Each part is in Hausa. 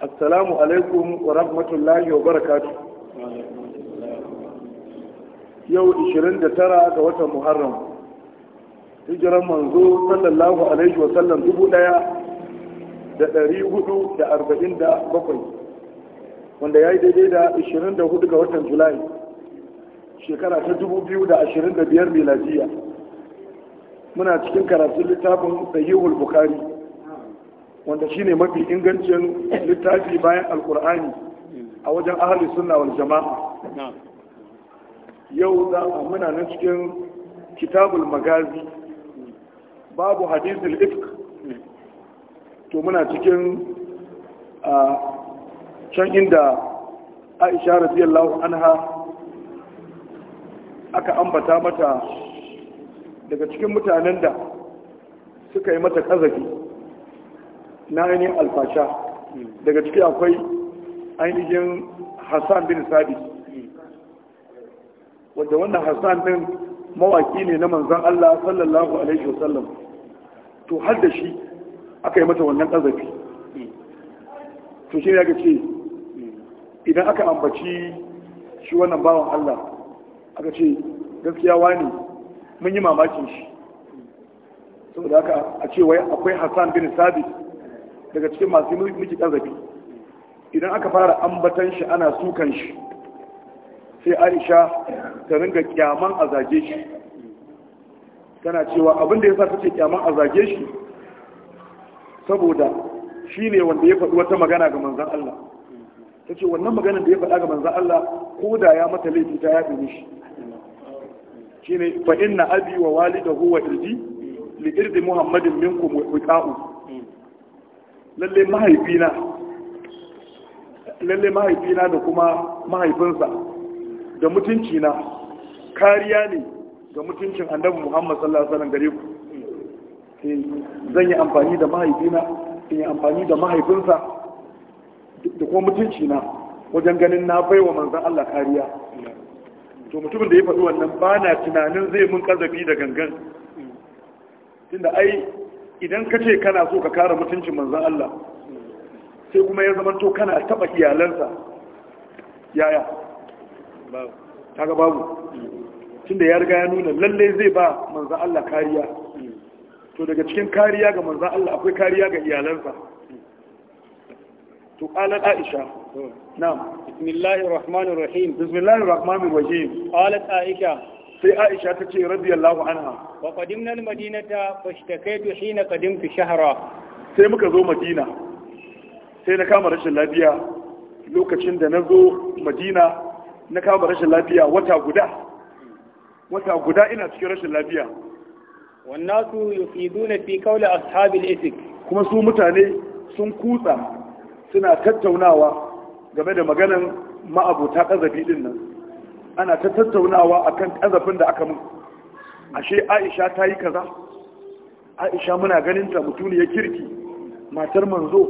assalamu alaikum wa rahmatullahi wa barakatu yau 29 ga watan muharram hijiran manzo sallallahu alaihi wa sallam dubu daya da dari hudu da arba'in da bakwai wanda ya yi daidai da 24 ga watan julai shekara ta dubu biyu da ashirin da biyar miladiya muna cikin karatun littafin sahihul bukari wanda shi ne mafi ingancin littafi bayan alkur'ani a wajen ahali sunna wal jama'a yau za a muna nan cikin kitabul magazi babu hadisul ifk to muna cikin a can inda aisha radiyallahu anha aka ambata mata daga cikin mutanen da suka yi mata kazafi na ainihin alfasha daga ciki akwai ainihin hassan bin sabi wadda wannan hassan din mawaki ne na manzan Allah sallallahu alaihi wasallam to har da shi aka yi mata wannan ɗazafi to shi ya ce idan aka ambaci shi wannan bawan Allah aka ce gaskiya wani mun yi mamakin shi saboda haka a ce wai akwai hassan bin sabi daga cikin masu miki ƙazafi idan aka fara ambatan shi ana sukan shi sai aisha ta ringa kyaman a zage shi tana cewa abinda ya sa ta ce kyaman a zage shi saboda shi ne wanda ya faɗi wata magana ga manzan Allah ta ce wannan maganar da ya faɗa ga manzan Allah ko da ya mata laifi ta yaɗe shi shi ne fa'in na abi wa wali da huwa irji li irdi muhammadin minkum ƙa'u lalle mahaifina lalle mahaifina da kuma mahaifinsa da mutuncina kariya ne ga mutuncin annabi Muhammad sallallahu alaihi wasallam gare ku eh, zan yi amfani da mahaifina in yi amfani da mahaifinsa da kuma mutuncina wajen ganin na baiwa manzon Allah kariya to mutumin da ya faɗi wannan ba na tunanin zai mun kazafi da gangan tunda ai idan ka ce kana so ka kare mutuncin manzan Allah sai kuma ya zama to kana taba iyalansa yaya ga babu tunda ya riga ya nuna lalle zai ba manzan Allah kariya to daga cikin kariya ga manzan Allah akwai kariya ga iyalansa to hmm. qalat Aisha na'am bismillahir rahmanir rahim bismillahir rahmanir rahim qalat Aisha sai aisha ta ce radiyallahu anha wa qadimna almadinata fashtakaitu hina qadimtu shahra sai muka zo madina sai na kama rashin lafiya lokacin da na zo madina na kama rashin lafiya wata guda wata guda ina cikin rashin lafiya wannasu yufiduna fi qawli ashabil isik kuma su mutane sun kutsa suna tattaunawa game da maganan ma'abuta kazabi din nan ana ta tattaunawa akan kazafin da aka mun ashe aisha ta yi kaza aisha muna ganin ta mutuniyar kirki matar manzo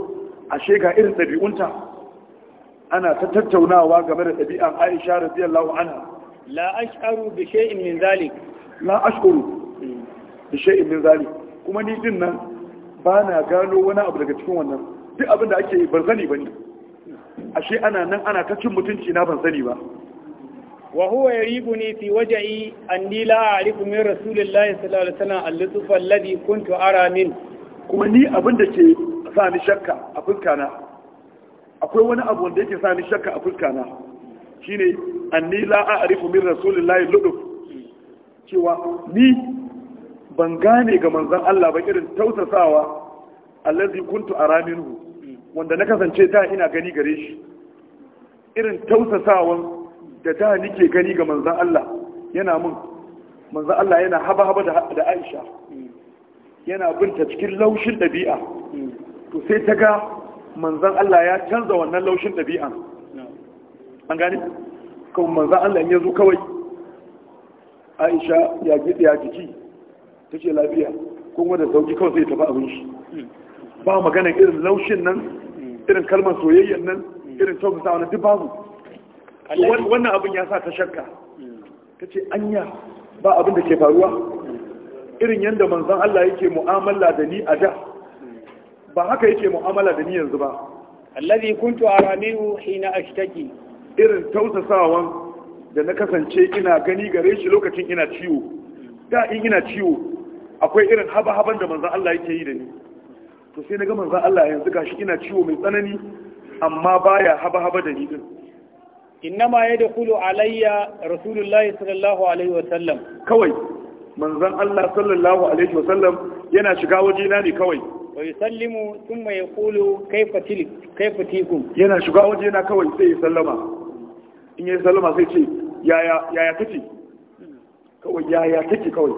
ashe ga irin ɗabi'unta ana ta tattaunawa game da ɗabi'an aisha radiyallahu anha la ash'aru bi shay'in min zalik la ash'aru bi shay'in min zalik kuma ni din nan ba na gano wani abu daga cikin wannan duk abin da ake yi ban sani bane ashe ana nan ana ta cin mutunci na ban sani ba wa huwa yaribuni fi waj'i anni la a'rifu min rasulillahi sallallahu alaihi wasallam al-lutfa alladhi kuntu ara min kuma ni abin da ke sa shakka a fuskana akwai wani abu wanda yake sa ni shakka a fuskana shine anni la a'rifu min rasulillahi lutf cewa ni ban gane ga manzon Allah ba irin tausasawa allazi kuntu ara minhu wanda na kasance da ina gani gare shi irin tausasawan da ta nike gani ga manzan Allah yana mun manzan Allah yana haba haba da Aisha yana binta cikin laushin ɗabi'a to sai ta ga manzan Allah ya canza wannan laushin ɗabi'a an gani kawai manzan Allah ya zo kawai Aisha ya gidi ya jiki ta ce lafiya kuma da sauki kawai sai tafi abin shi ba maganar irin laushin nan irin kalmar soyayyar nan irin sauƙin sa'anar duk babu wannan abin ya sa ta shakka ta ce anya ba abin da ke faruwa irin yadda manzan Allah yake mu'amala da ni a da ba haka yake mu'amala da ni yanzu ba allazi kuntu aramihu hina ashtaki irin tausasawan da na kasance ina gani gare shi lokacin ina ciwo da in ina ciwo akwai irin haba-haban da manzan Allah yake yi da ni to sai na ga manzan Allah yanzu gashi ina ciwo mai tsanani amma baya haba-haba da ni din innama ya da kulu alayya rasulullahi sallallahu alaihi sallam. kawai manzan Allah sallallahu alaihi wa sallam yana shiga wajena ne kawai wa yusallimu thumma yaqulu kayfa tilik kayfa tikum yana shiga waje wajena kawai sai ya sallama in ya sallama sai ce yaya yaya kake kawai yaya kake kawai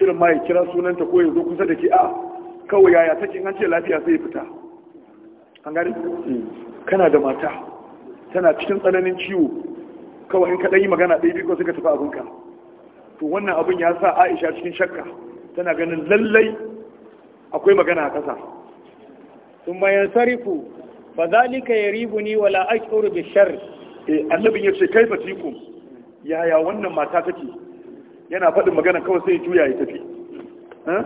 irin ma ya kira sunanta ko ya zo kusa da ke a ah, kawai yaya take in an ce lafiya sai ya fita an gani hmm. kana da mata tana cikin tsananin ciwo kawai in kaɗan yi magana ɗaya biyu suka tafi abinka to wannan abin ya sa aisha cikin shakka tana ganin lallai akwai magana a ƙasa sun bayan sarifu ba za ka ya ribu ni wala ashuru bi shar eh annabin ya ce kai fatikum yaya wannan mata take yana faɗin magana kawai sai juya ya tafi ba eh?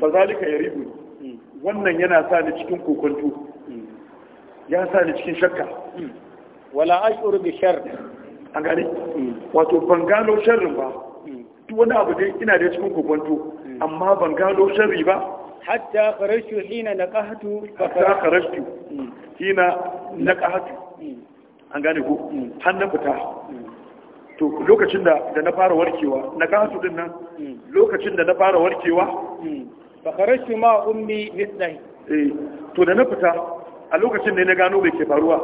za zalika ya ribu hmm. wannan yana sa ni cikin kokonto hmm. ya sa ni cikin shakka hmm. wala ashuru bi shar A gane hmm. wato ban gano sharrin ba hmm. duk wani abu dai ina da cikin kokonto hmm. amma ban gano sharri ba hatta kharashu hina naqahtu hatta kharashu hina naqahtu an gane ko har na fita to lokacin da da na fara warkewa na din nan lokacin da na fara warkewa fa kharashu ma ummi mislahi eh to da na fita a lokacin da na gano bai ke faruwa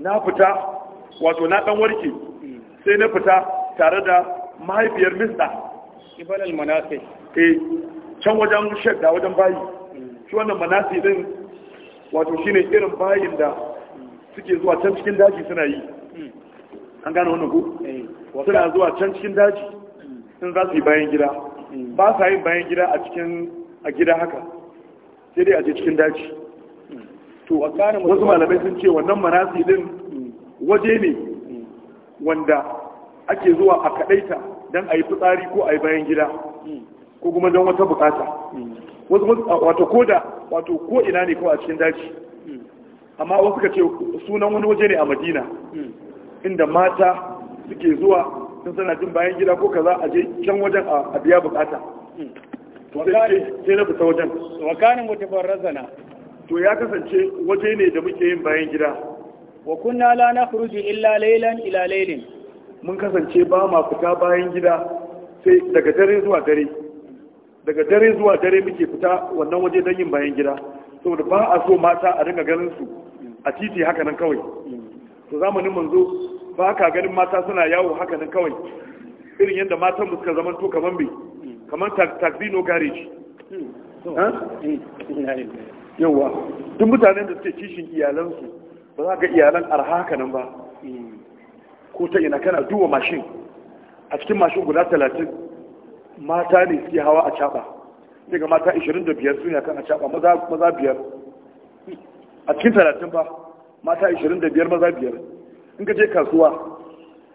na fita wato na dan warke sai na fita tare da mahaifiyar mista ibalal manasi eh can wajen da wajen bayi shi wannan manasi din wato shine irin bayin da suke zuwa can cikin daji suna yi an gane wannan ko eh, suna zuwa can cikin daji sun za su yi bayan gida mm. ba sa yin bayan gida a cikin a gida haka sai dai a je cikin daji wasu malamai sun ce wannan marasi din waje ne wanda ake zuwa a kadaita don a yi fitsari ko a yi bayan gida ko kuma don wata bukata wato ko da wato ko ina ne kawai a cikin daji amma wasu ka ce sunan wani waje ne a madina inda mata suke zuwa sun sana jin bayan gida ko kaza a je can wajen a biya bukata sai na fita wajen wakanin to ya kasance waje ne da muke yin bayan gida wa kunna la nakhruju illa laylan ila laylin mun kasance ba ma fita bayan gida sai daga dare zuwa dare daga dare zuwa dare muke fita wannan waje don yin bayan gida saboda ba a so mata a dinga ganin su a titi haka nan kawai to zamanin manzo ba ka ganin mata suna yawo haka nan kawai irin yadda matan mu suka zama to kaman bai kaman taxi no garage hmm. yawa duk mutanen da suke kishin iyalansu ba za ka iyalan arha nan ba ko ta ina kana duba mashin a cikin mashin guda talatin mata ne suke hawa a caba daga mata 25 suna kan a caba maza biyar a cikin talatin ba mata 25 maza biyar in ka je kasuwa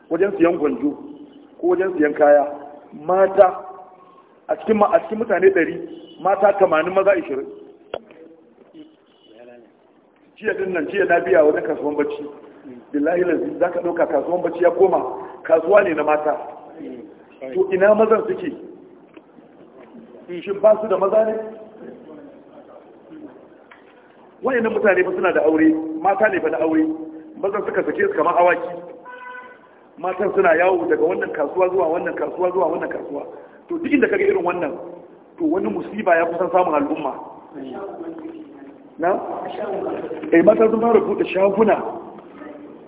wajen siyan gwanjo ko wajen siyan kaya mata a cikin mutane 100 mata 80 maza 20 jiya din nan jiya na biya wani kasuwan bacci billahi lazi za ka ɗauka kasuwan bacci ya koma kasuwa ne na mata to ina mazan suke shi ba su da maza ne wayannan mutane ba suna da aure mata ne ba da aure mazan suka sake su kamar awaki matan suna yawo daga wannan kasuwa zuwa wannan kasuwa zuwa wannan kasuwa to duk inda kaga irin wannan to wani musiba ya kusan samun al'umma na? yi eh, mata sun fara buɗe shaguna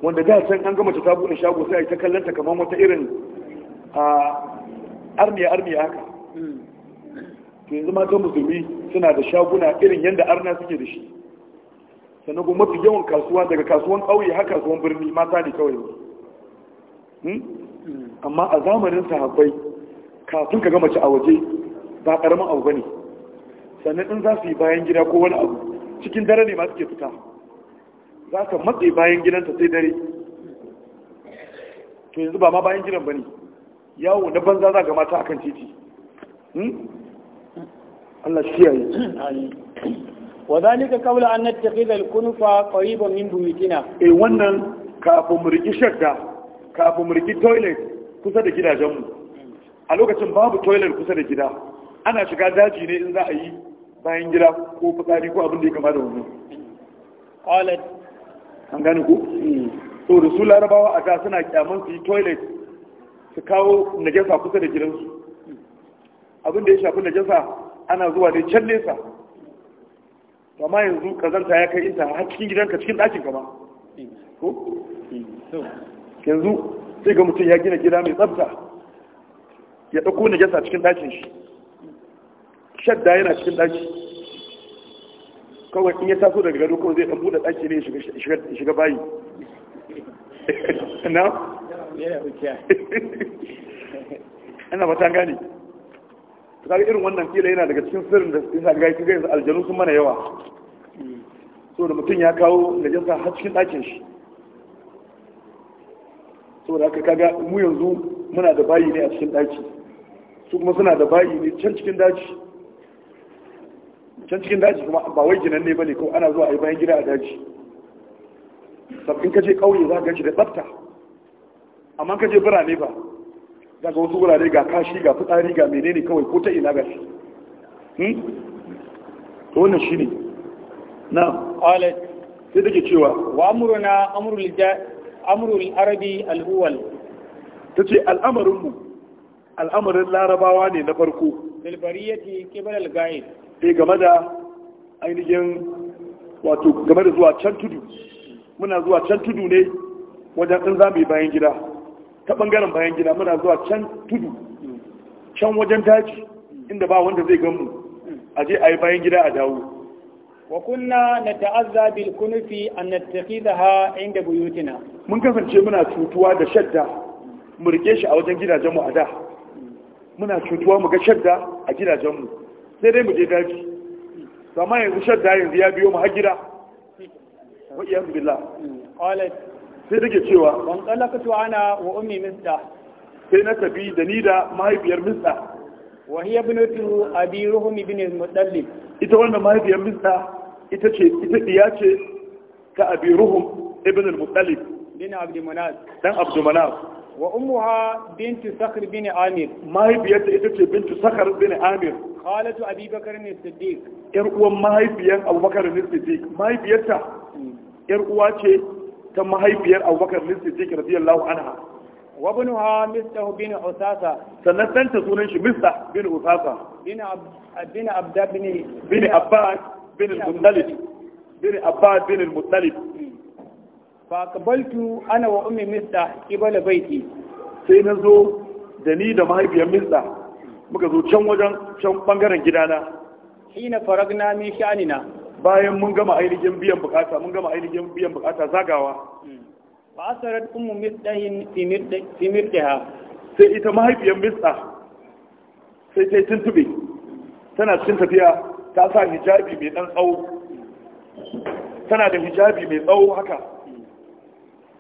wanda da can an gama ta buɗe shago sai a yi ta kallanta kamar wata irin a armiya armiya haka to yanzu ta musulmi suna da shaguna irin yadda arna suke da shi sannan kuma mafi yawan kasuwa daga kasuwan ƙauye haka kasuwan birni mata ne kawai hmm? amma a zamanin sahabbai kafin ka gama ci a waje ba ƙaramin abu ba ne sannan in za su yi bayan gida ko wani abu cikin dare ne ma suke fita za ka matse bayan gidanta sai dare to yanzu ba ma bayan gidan ba ne yawo na banza za ga mata kan titi hmm? Allah shi yayi wa zalika qabla an nattakhidha al-kunfa qariban min buyutina eh wannan kafin mu riki shadda kafin mu riki toilet kusa da gidajenmu a lokacin babu toilet kusa da gida ana shiga daji ne in za a yi bayan gida ko fitsari ko abin da ya kama da wani toilet an gane ku so da su larabawa a da suna kyaman su yi toilet su kawo najasa kusa da gidansu abin da ya shafi najasa ana zuwa ne can nesa amma yanzu kazanta ya kai inta har cikin gidanka cikin ɗakin ka ma ko yanzu sai ga mutum ya gina gida mai tsafta ya ɗauko najasa cikin ɗakin shi shadda yana cikin ɗaki kawai in ya taso daga gado kawai zai ɗan buɗe ɗaki ne shiga bayi na? ba ta gane ta kaga irin wannan kila yana daga cikin sirrin da isa ga kiga yanzu aljanu sun mana yawa so da mutum ya kawo najasa har cikin ɗakin shi so da aka kaga mu yanzu muna da bayi ne a cikin ɗaki su kuma suna da bayi ne can cikin ɗaki. can cikin daji kuma ba wai ginan ne bane ko ana zuwa a yi bayan gida a daji sabbin kaje kauye za ka shi da tsafta amma kaje birane ba za ka wasu wurare ga kashi ga fitsari ga menene kawai ko ta ina gashi hmm? to wannan shine na qalat sai take cewa wa amruna amrul amrul arabi al-awwal tace al'amarin mu al'amarin larabawa ne na farko bilbariyati qibla al-ghaib eh game da ainihin wato game da zuwa can tudu muna zuwa can tudu ne wajen in zamu yi bayan gida ta bangaren bayan gida muna zuwa can tudu can wajen daji inda ba wanda zai ganmu a je a yi bayan gida a dawo wa kunna na ta'azza bil kunufi an nattakhidaha inda buyutina mun kasance muna cutuwa da shadda mu rike shi a wajen gidajenmu a da muna cutuwa mu ga shadda a gidajenmu sai dai mu je daji amma yanzu shadda yanzu ya biyo mu har gida wa iya billah qalat sai take cewa wan to ana wa ummi Mista. sai na tafi da ni da mahaifiyar misda wa hiya ibnatu abi ruhum ibn mudallib ita wannan mahaifiyar Mista ita ce ita diya ce ta abi ruhum ibn mudallib bin abd manaf dan abd manaf wa ummuha bint sakhr bin amir mahaifiyarta ita ce bint sakhr bin amir khalatu abi ne siddiq yar uwan mahaifiyar abubakar ne siddiq mahaifiyarta hmm. yar uwa ce ta mahaifiyar abubakar ne siddiq radiyallahu anha wa ibnuha mistahu bin usasa sannan danta sunan shi Mista bin usasa bin bin abda bin bin abbas bin al-mundalib bin abbas bin al-mundalib hmm. fa qabaltu ana wa ummi mistah qibala baiti sai nazo da ni da mahaifiyar Mista. muka zo can wajen can bangaren gidana hina faragna min sha'anina bayan mun gama ainihin biyan bukata mun gama ainihin biyan bukata zagawa hmm. fa asarat ummu mirdahin fi mirdaha sai ita mahaifiyar mirda sai ta tuntube tana cikin tafiya ta sa hijabi mai dan tsawo tana da hijabi mai tsawo haka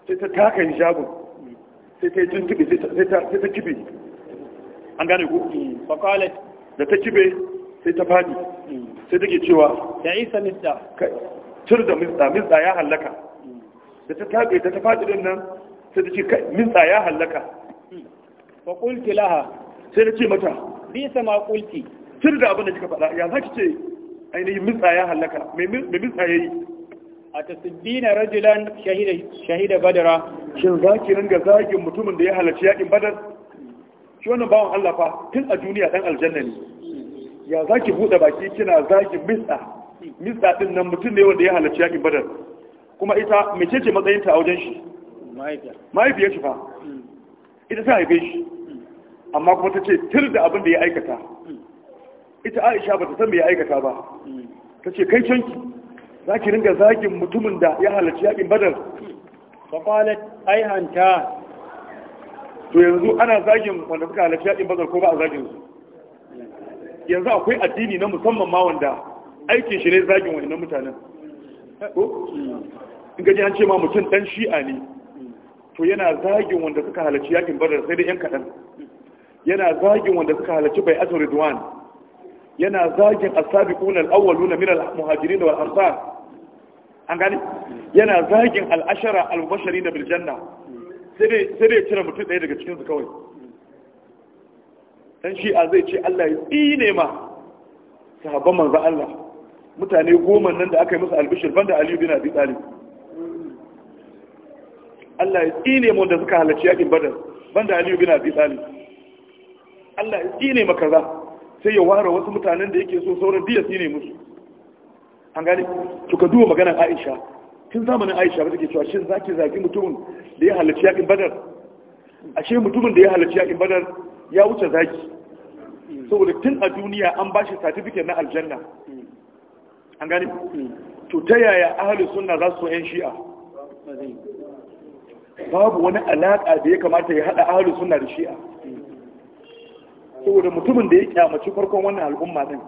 sai ta taka hijabin sai ta tuntube sai ta kibe an gane ku faqalat da ta kibe sai ta fadi sai take cewa ya isa mista tur da Mista, Mista ya halaka da ta tabe ta ta fadi din nan sai ta ce Mista ya halaka fa qulti laha sai ta ce mata bisa ma qulti tur da abin da kika faɗa ya zaki ce ainihin Mista ya halaka me mista yayi a tasibbina rajulan shahida shahida badara shin zaki ringa zagin mutumin da ya halarci yakin badar shi wannan bawan Allah fa tun a duniya dan aljanna ne ya zaki bude baki kina zaki misa misa din nan mutum ne wanda ya halarci yakin badar kuma ita mece ce matsayin ta a wajen shi mahaifiyar shi fa hmm. ita ta haife shi hmm. amma kuma ta ce tir da abin da ya aikata hmm. ita aisha ba ta san me ya aikata ba ta ce kai canki za ki ringa zakin mutumin da ya halarci yakin badar faƙalat aihanta to yanzu ana zagin wanda suka halarci yaɗin bazar ko ba a zagin su yanzu akwai addini na musamman ma wanda aikin shi ne zagin wani na mutanen ko in gaji an ce ma mutum dan shi'a ne to yana zagin wanda suka halarci yaɗin bazar, sai da yan kaɗan yana zagin wanda suka halarci bai asar ridwan yana zagin asabiqun al-awwaluna min al-muhajirin wal ansar an gani yana zagin al-ashara al-mubashirin bil janna sai dai cire mutum ɗaya daga cikinsu kawai ɗan shi'a zai ce Allah ya tsine ma sahabban manzan Allah mutane goma nan da aka yi musu albishir banda aliyu bin abi talib Allah ya tsine ma wanda suka halarci yakin badar banda aliyu bin abi talib Allah ya tsine ma kaza sai ya ware wasu mutanen da yake so sauran biya tsine musu an gane to ka duba maganar Aisha tun zamanin aisha ba take cewa shin zaki zagi mutumin da ya halarci yakin badar A ashe mutumin da ya halarci yakin badar ya wuce zaki saboda tun a duniya an ba shi satifikin na aljanna an gani to ta yaya ahalin suna za su yan shi'a babu wani alaƙa da ya kamata ya haɗa ahalin suna da shi'a saboda mutumin da ya kyamaci farkon wannan al'umma din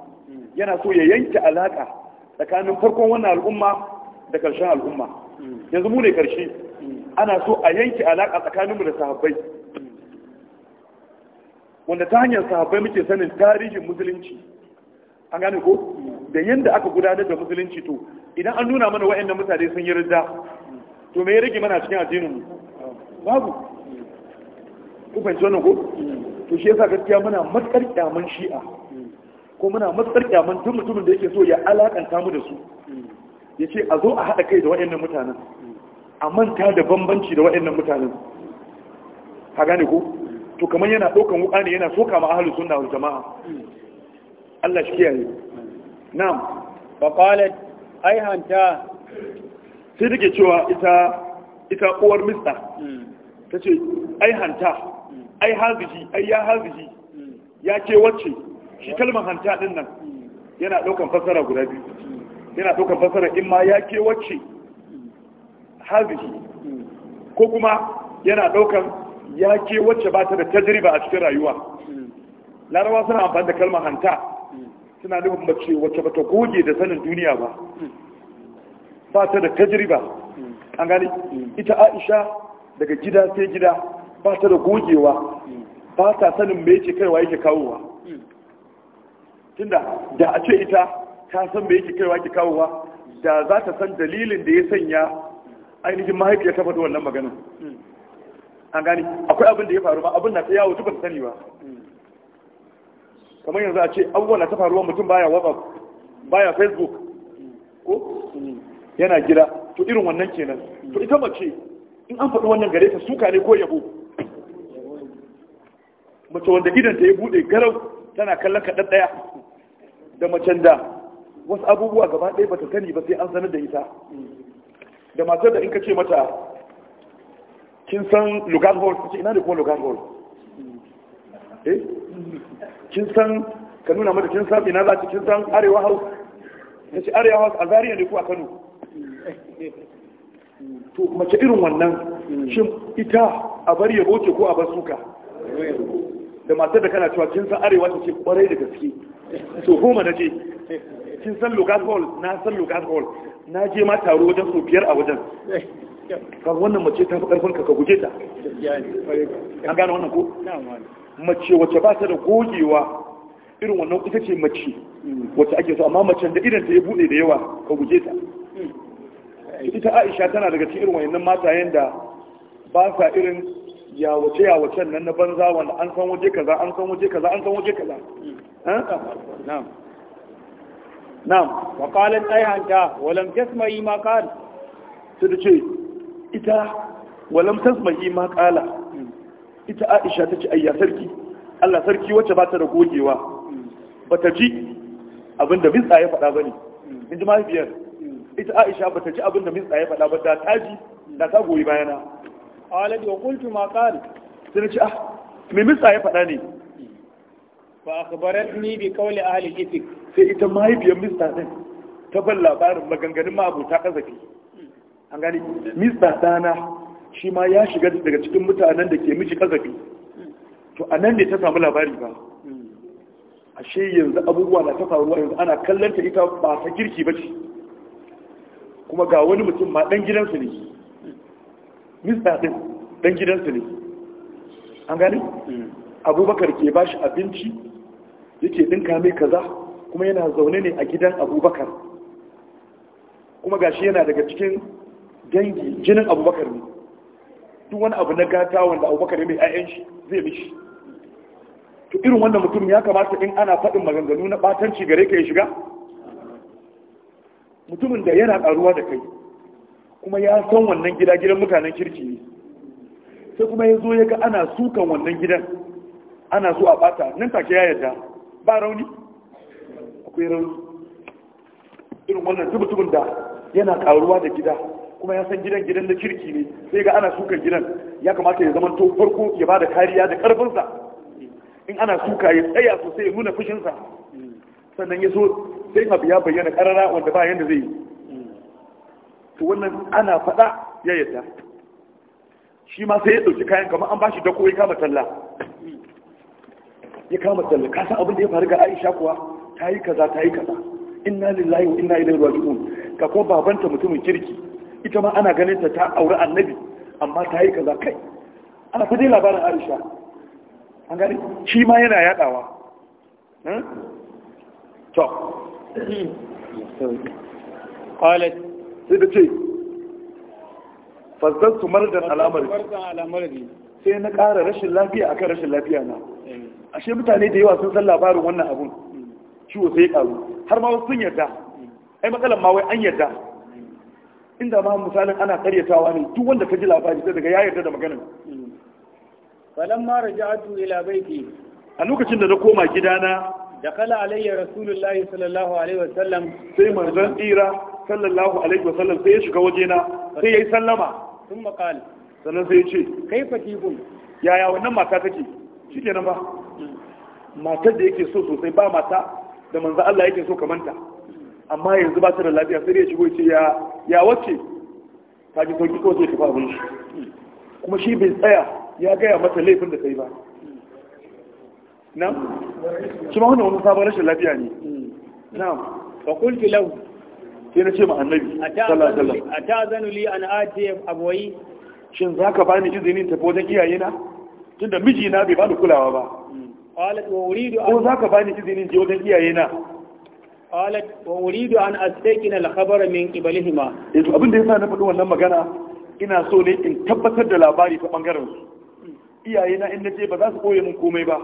yana so ya yanke alaƙa tsakanin farkon wannan al'umma da ƙarshen al'umma yanzu mu ne ƙarshe ana so a yanke alaƙa tsakaninmu da sahabbai wanda ta hanyar sahabbai muke sanin tarihin musulunci an gane ko da yadda aka gudanar da musulunci to idan an nuna mana wa'annan mutane sun yi rida to me ya rage mana cikin addininmu babu ku fahimci wannan ko to shi yasa gaskiya muna matsar kyaman shi'a ko muna matsar kyaman duk mutumin da yake so ya alakanta mu da su ya ce a zo a haɗa kai da wa'annan mutanen a manta da bambanci da wa'annan mutanen ka gane ko to kamar yana ɗaukan wuƙa ne yana soka ma ahalus sunna wa jama'a Allah shi kiyaye na'am fa ai hanta sai take cewa ita ita uwar mista hmm. tace ai hanta ai haziji, ai ya haziji, hmm. ya ce wacce shi kalmar hanta ɗin nan hmm. yana ɗaukan fassara guda biyu yana ɗaukar fasara in ma ya wacce. hazihi ko kuma yana ɗaukar ya wacce ba ta da tajriba a cikin rayuwa larawa suna amfani da kalmar hanta suna nufin mace wacce ba ta goge da sanin duniya ba ba ta da tajriba an gani ita aisha daga gida sai gida ba ta da gogewa ba ta sanin me yake kaiwa yake kawowa tunda da a ce ita ta san me yake kaiwa ki kawowa da za ta san dalilin da ya sanya ainihin mahaifiyar ta faɗi wannan maganin an gani akwai abin da ya faru ba abin na ta yawo duk sani ba kamar yanzu a ce abubuwan na ta faruwa mutum baya whatsapp baya facebook ko yana gida to irin wannan kenan to ita mace in an faɗi wannan gare ta suka ne ko yabo mace wanda gidanta ya buɗe garau tana kallon kaɗan ɗaya da macen da wasu abubuwa gaba ɗaya ba ta sani ba sai an sanar da ita da matar da in ka ce mata kin san lugar hall ce ina da kuma lugar hall eh kin san ka nuna mata kin san ina za ta kin san arewa house ta ce arewa house a zariya ne ko a kano to mace irin wannan shin ita a bari ya goce ko a bar suka da matar da kana cewa kin san arewa ta ce kwarai da gaske to goma na ce kin san Lucas Hall na san Lucas Hall na je ma taro wajen su biyar a wajen kan wannan mace ta fi karfin ka ka guje ta an gane wannan ko mace wacce ba ta da gogewa irin wannan ita ce mace wacce ake so amma mace da idan ta ya bude da yawa ka guje ta ita Aisha tana daga cikin irin wayannan matayen da ba sa irin ya wace ya wace nan na banza wanda an san waje kaza an san waje kaza an san waje kaza na'am makalin qalat hanta, wa lam tasma'i ma qal ce ita walam tasma tasma'i makala ita Aisha ta tace ayya sarki Allah sarki wacce ba ta da gogewa ba ta ji abinda mintsa ya faɗa ba ne. in ji mahaifiyar ita Aisha ba ta ji abinda mintsa ya faɗa ba da ta ji da ta goyi bayana alad wa qultu ma qal sai ce ah mai mintsa ya faɗa ne fa akhbaratni bi qawli ahli al-ifk sai ita mahaifiyar mista din ta ban labarin maganganun ma abota kazafi an gani mista dana shi ma ya shiga daga cikin mutanen da ke miji kazafi to a nan ne ta samu labari ba ashe yanzu abubuwa na ta faruwa yanzu ana kallanta ita ba ta girki ba ce kuma ga wani mutum ma dan gidansu ne mista din dan gidansu ne an gani hmm. abubakar ke bashi abinci yake ɗinka mai kaza kuma yana zaune ne a gidan abubakar kuma gashi yana daga cikin dangi jinin abubakar ne duk wani abu na gata wanda abubakar mai ayyan shi zai mishi to irin wannan mutum ya kamata in ana faɗin maganganu na ɓatanci gare ka ya shiga mutumin da yana ƙaruwa da kai kuma ya san wannan gida gidan mutanen kirki ne sai kuma ya zo ya ga ana sukan wannan gidan ana so a ɓata nan take ya yarda ba rauni akwai rauni irin wannan tubutubun da yana karuwa da gida kuma ya san gidan gidan na kirki ne sai ga ana sukan gidan ya kamata ya zama to farko ya ba da kariya da karfinsa in ana suka ya tsaya sosai ya nuna fushinsa sannan ya so sai abu ya bayyana karara wanda ba yadda zai yi to wannan ana faɗa ya yadda shi ma sai ya ɗauki kayan kamar an ba shi dako ya kama talla ya kama tsalle ka san abin da ya faru ga Aisha kuwa ta yi kaza ta yi kaza inna lillahi wa inna ilaihi raji'un ka kuma babanta mutumin kirki ita ma ana ganin ta ta aure annabi amma ta yi kaza kai ana ta dai labarin Aisha an gani shi ma yana yadawa hmm? to qalat sai da ce fazzantu mardan al'amari sai na ƙara rashin lafiya akan rashin lafiya na eh. ashe mutane da yawa sun san labarin wannan abun ciwo sai ya karu har ma wasu sun yarda ai matsalan ma wai an yarda inda ma misalin ana karyatawa ne duk wanda ka ji labari sai daga ya yarda da maganin falan ma raja'atu ila baiti a lokacin da na koma gidana da kala alayya rasulullahi sallallahu alaihi wasallam sai manzon tsira sallallahu alaihi wasallam sai ya shiga wajena sai yayi sallama sun makal sannan sai ya ce kaifa tibun yaya wannan mata take kenan ba matar da yake so sosai ba mata da manzan Allah yake so kamanta amma yanzu ba ta da lafiya sai ya shigo ya ce ya ya wacce ta ji sauki ko sai tafi abin shi kuma shi bai tsaya ya gaya mata laifin da kai ba Nan shi ma wani wani sabon rashin lafiya ne na'am fa qultu lau sai na ce ma annabi a ta wasallam atazanu li an ati abwayi shin ba bani izinin tafi wajen iyayena tunda miji na bai da kulawa ba hmm. qalat bani izinin je iyaye na an astaqina al-khabara min qibalihima yasa na faɗi wannan magana ina so ne in tabbatar da labari ta bangaren su iyaye na in naje ba za su koye min komai ba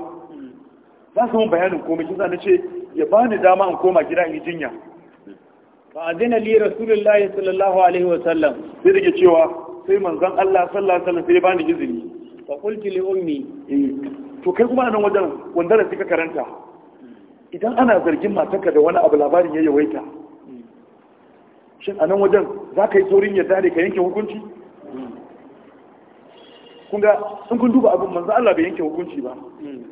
za su mun bayanin komai kin na ce ya bani dama in koma gida in yi jinya fa azina li rasulullahi sallallahu alaihi wa sallam sai cewa sai manzon Allah sallallahu sallam sai bani izini to kai kuma nan wajen wanda da suka karanta idan ana zargin matanka da wani abu labarin ya yawaita shi a nan wajen za ka yi saurin ya ne ka yanke hukunci kun ga sun kun duba abin manzan Allah bai yanke hukunci ba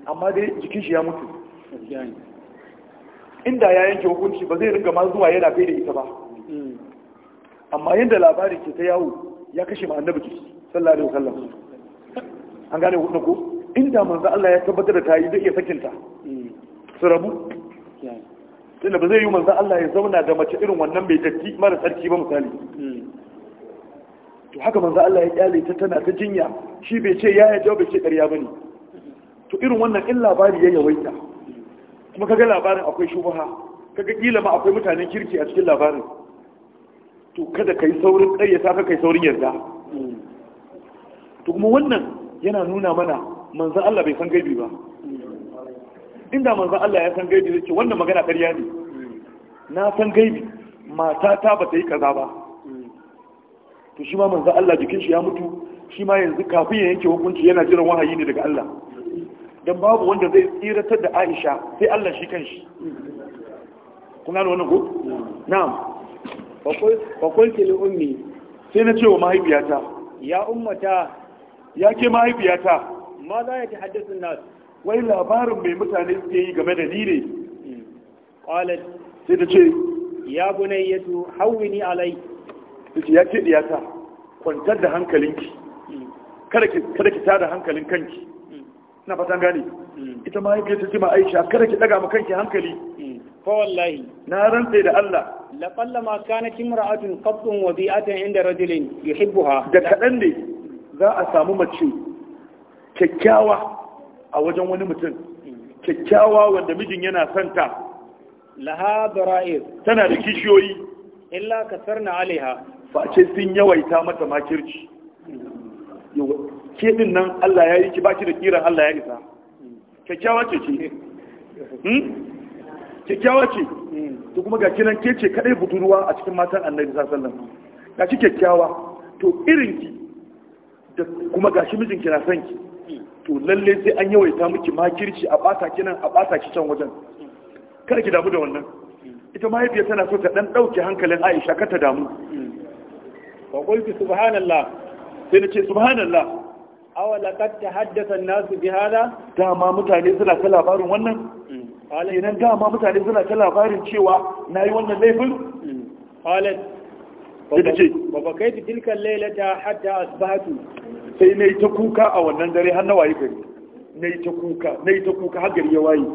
amma dai jikin shi ya mutu inda ya yanke hukunci ba zai ringa ma zuwa yana bai da ita ba amma yadda labarin ke ta yawo ya kashe ma annabi sallallahu alaihi wasallam an gane hukunku inda manzo Allah ya tabbatar da ta yi zai iya sakinta hmm. su rabu tunda ba zai yi manzo Allah ya zauna da mace irin wannan mai datti mara sarki ba misali hmm. to haka manzo Allah ya kyale ta tana ta jinya shi bai ce ya yaje bai ce ƙarya bane to irin wannan in labari ya yawaita kuma kaga labarin akwai shubaha kaga kila ma akwai mutanen kirki a cikin labarin to kada kai saurin ƙaryata ka kai saurin yarda hmm. to kuma wannan yana nuna mana manzan Allah bai san gaibi ba inda manzan Allah ya san gaibi zai ce wannan magana karya ne na san gaibi mata ta ba ta yi kaza ba to shi ma manzan Allah jikin shi ya mutu shi ma yanzu kafin ya yanke hukunci yana jiran wahayi ne daga Allah dan babu wanda zai tsiratar da Aisha sai Allah shi kanshi kun gano wannan ko na'am fa ke li ummi sai na ce wa mahaifiyata ya ummata ya ke mahaifiyata ma za ya ta haddasun nasu wai labarin mai mutane suke yi game da ni ne hmm. qalat sai ta ce ya bunayyatu hawwini alai tace ya ce ta kwantar da hankalinki hmm. kada ki kada ki tada hankalin kanki hmm. ina fatan gane ita ma yake ta ce ma Aisha kada ki daga ma kanki hankali fa wallahi na rantsa da Allah la qallama kanat imra'atun qabdun wa bi'atan inda rajulin yuhibbuha da kadan ne za a samu mace kyakkyawa a wajen wani mutum kyakkyawa wanda mijin yana santa laha tana da kishiyoyi illa sarna alaiha face sun yawaita mata makirci Keɗin nan Allah ya yi ki baki da kiran Allah ya isa kyakkyawa ce ce hmm? kyakkyawa ce to kuma ga kinan ke ce kadai budurwa a cikin matan annabi sallallahu alaihi wasallam ga shi kyakkyawa to irin ki da kuma gashi mijinki na son ki to lalle sai an yawaita miki makirci a bata nan, a bata ki can wajen kada ki damu da wannan ita mahaifiyar tana so ta dan dauke hankalin Aisha ta damu wa qulti subhanallah sai nace subhanallah awa laqad tahaddatha an-nas bi hada dama mutane suna ta labarin wannan qala idan dama mutane suna ta labarin cewa nayi wannan laifin qala sai ta ce ba ba kai tilkan lailata hatta asbahatu sai nayi ta kuka a wannan dare har na waye gari nayi ta kuka nayi ta kuka har gari ya waye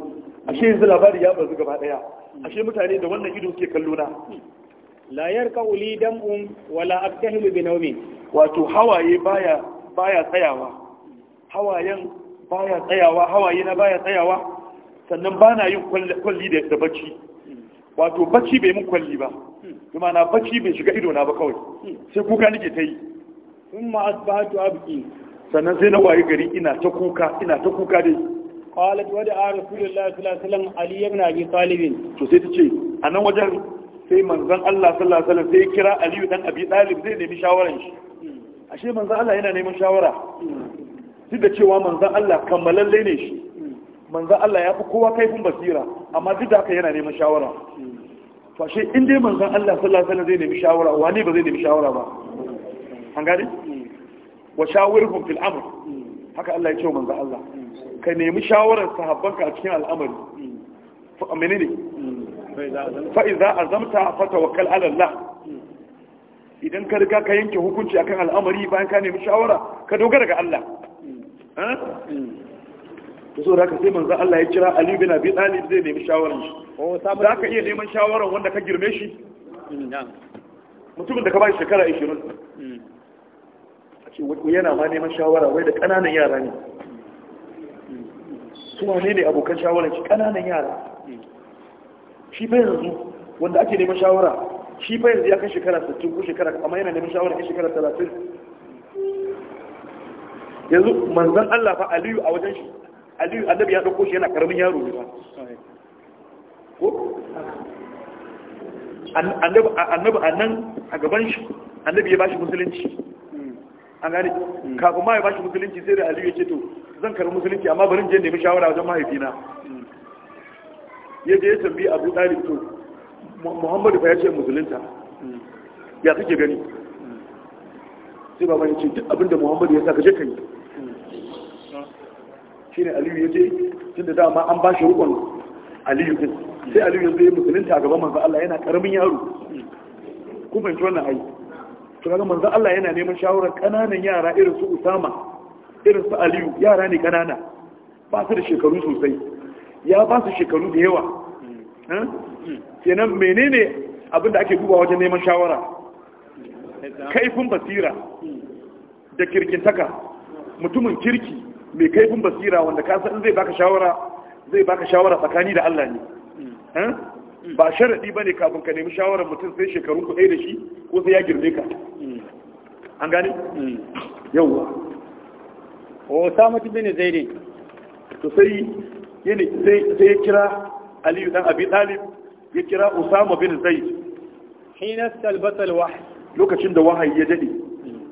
ashe yanzu labari ya bazu gaba daya ashe mutane da wannan ido suke kallo na la yarka uli dam'un wala aktahilu bi nawmin wato hawaye baya baya tsayawa hawayen baya tsayawa hawaye na baya tsayawa sannan bana yin kwalli da bacci wato bacci bai mun kwalli ba kuma na bacci bai shiga ido na ba kawai sai kuka nake ta yi sun asbahatu abki sannan sai na wayi gari ina ta kuka ina ta kuka dai qalat wa da'a rasulullahi sallallahu alaihi wasallam ali ibn abi talib to sai ta ce a nan wajen sai manzon Allah sallallahu alaihi wasallam sai kira ali dan abi talib zai nemi shawaran shi ashe manzon Allah yana neman shawara duk da cewa manzon Allah kammalalle ne shi manzon Allah ya fi kowa kaifin basira amma duk da haka yana neman shawara fashe shi yi manzan Allah sallallahu alaihi zai nemi shawara wani ba zai nemi shawara ba an gani? wa shawirhum fil amur haka Allah ya ce manzan Allah ka nemi shawarar sahabbanka a cikin al'amari fa menene fa a azamta a fata wa Allah idan ka riga ka yanke hukunci akan al'amari bayan ka nemi shawara ka dogara ga Allah to so da ka sai manzo Allah ya kira Ali bin Abi Talib zai nemi shawaran shi oh, za ka iya neman shawaran wanda ka girme shi hmm, mutumin da ka ba shi shekara 20 hmm. a ce yana ma neman shawara wai da ƙananan yara ne su wane ne abokan shawaran shi ƙananan yara hmm. shi fa yanzu wanda ake neman shawara shi fa yanzu ya kai shekara 60 ko shekara amma yana neman shawara kai shekara 30 yanzu manzon Allah fa Aliyu a wajen shi aliyu annabi ya dauko shi yana karamin yaro ne ba ko annabi annabi a gaban shi annabi ya bashi musulunci an gane kafin ma ya bashi musulunci sai da aliyu ya ce to zan karu musulunci amma bari je nemi shawara wajen mahaifina ya je ya tambayi abu dalib to muhammadu fa ya ce musulunta ya kake gani sai baban ya ce duk abinda muhammadu ya sa ka je ka yi shine aliyu ya je tun da dama an ba shi rukun aliyu din sai aliyu ya zai musulunta a gaban manzo Allah yana karamin yaro kun fahimci wannan ai to kaga manzo Allah yana neman shawara. kananan yara irin su Usama irin su Aliyu yara ne kanana ba su da shekaru sosai ya ba su shekaru da yawa kenan menene abin da ake duba wajen neman shawara kaifin basira da kirkintaka mutumin kirki mai kaifin basira wanda ka san zai baka shawara zai baka shawara tsakani da Allah ne ba sharadi bane kafin ka nemi shawarar mutum sai shekarun ku da shi ko sai ya girme ka an gane yawwa o bane zai ne to sai yene sai ya kira Ali dan Abi Talib ya kira Usama bin Zaid hina salbata alwahy lokacin da wahayi ya dade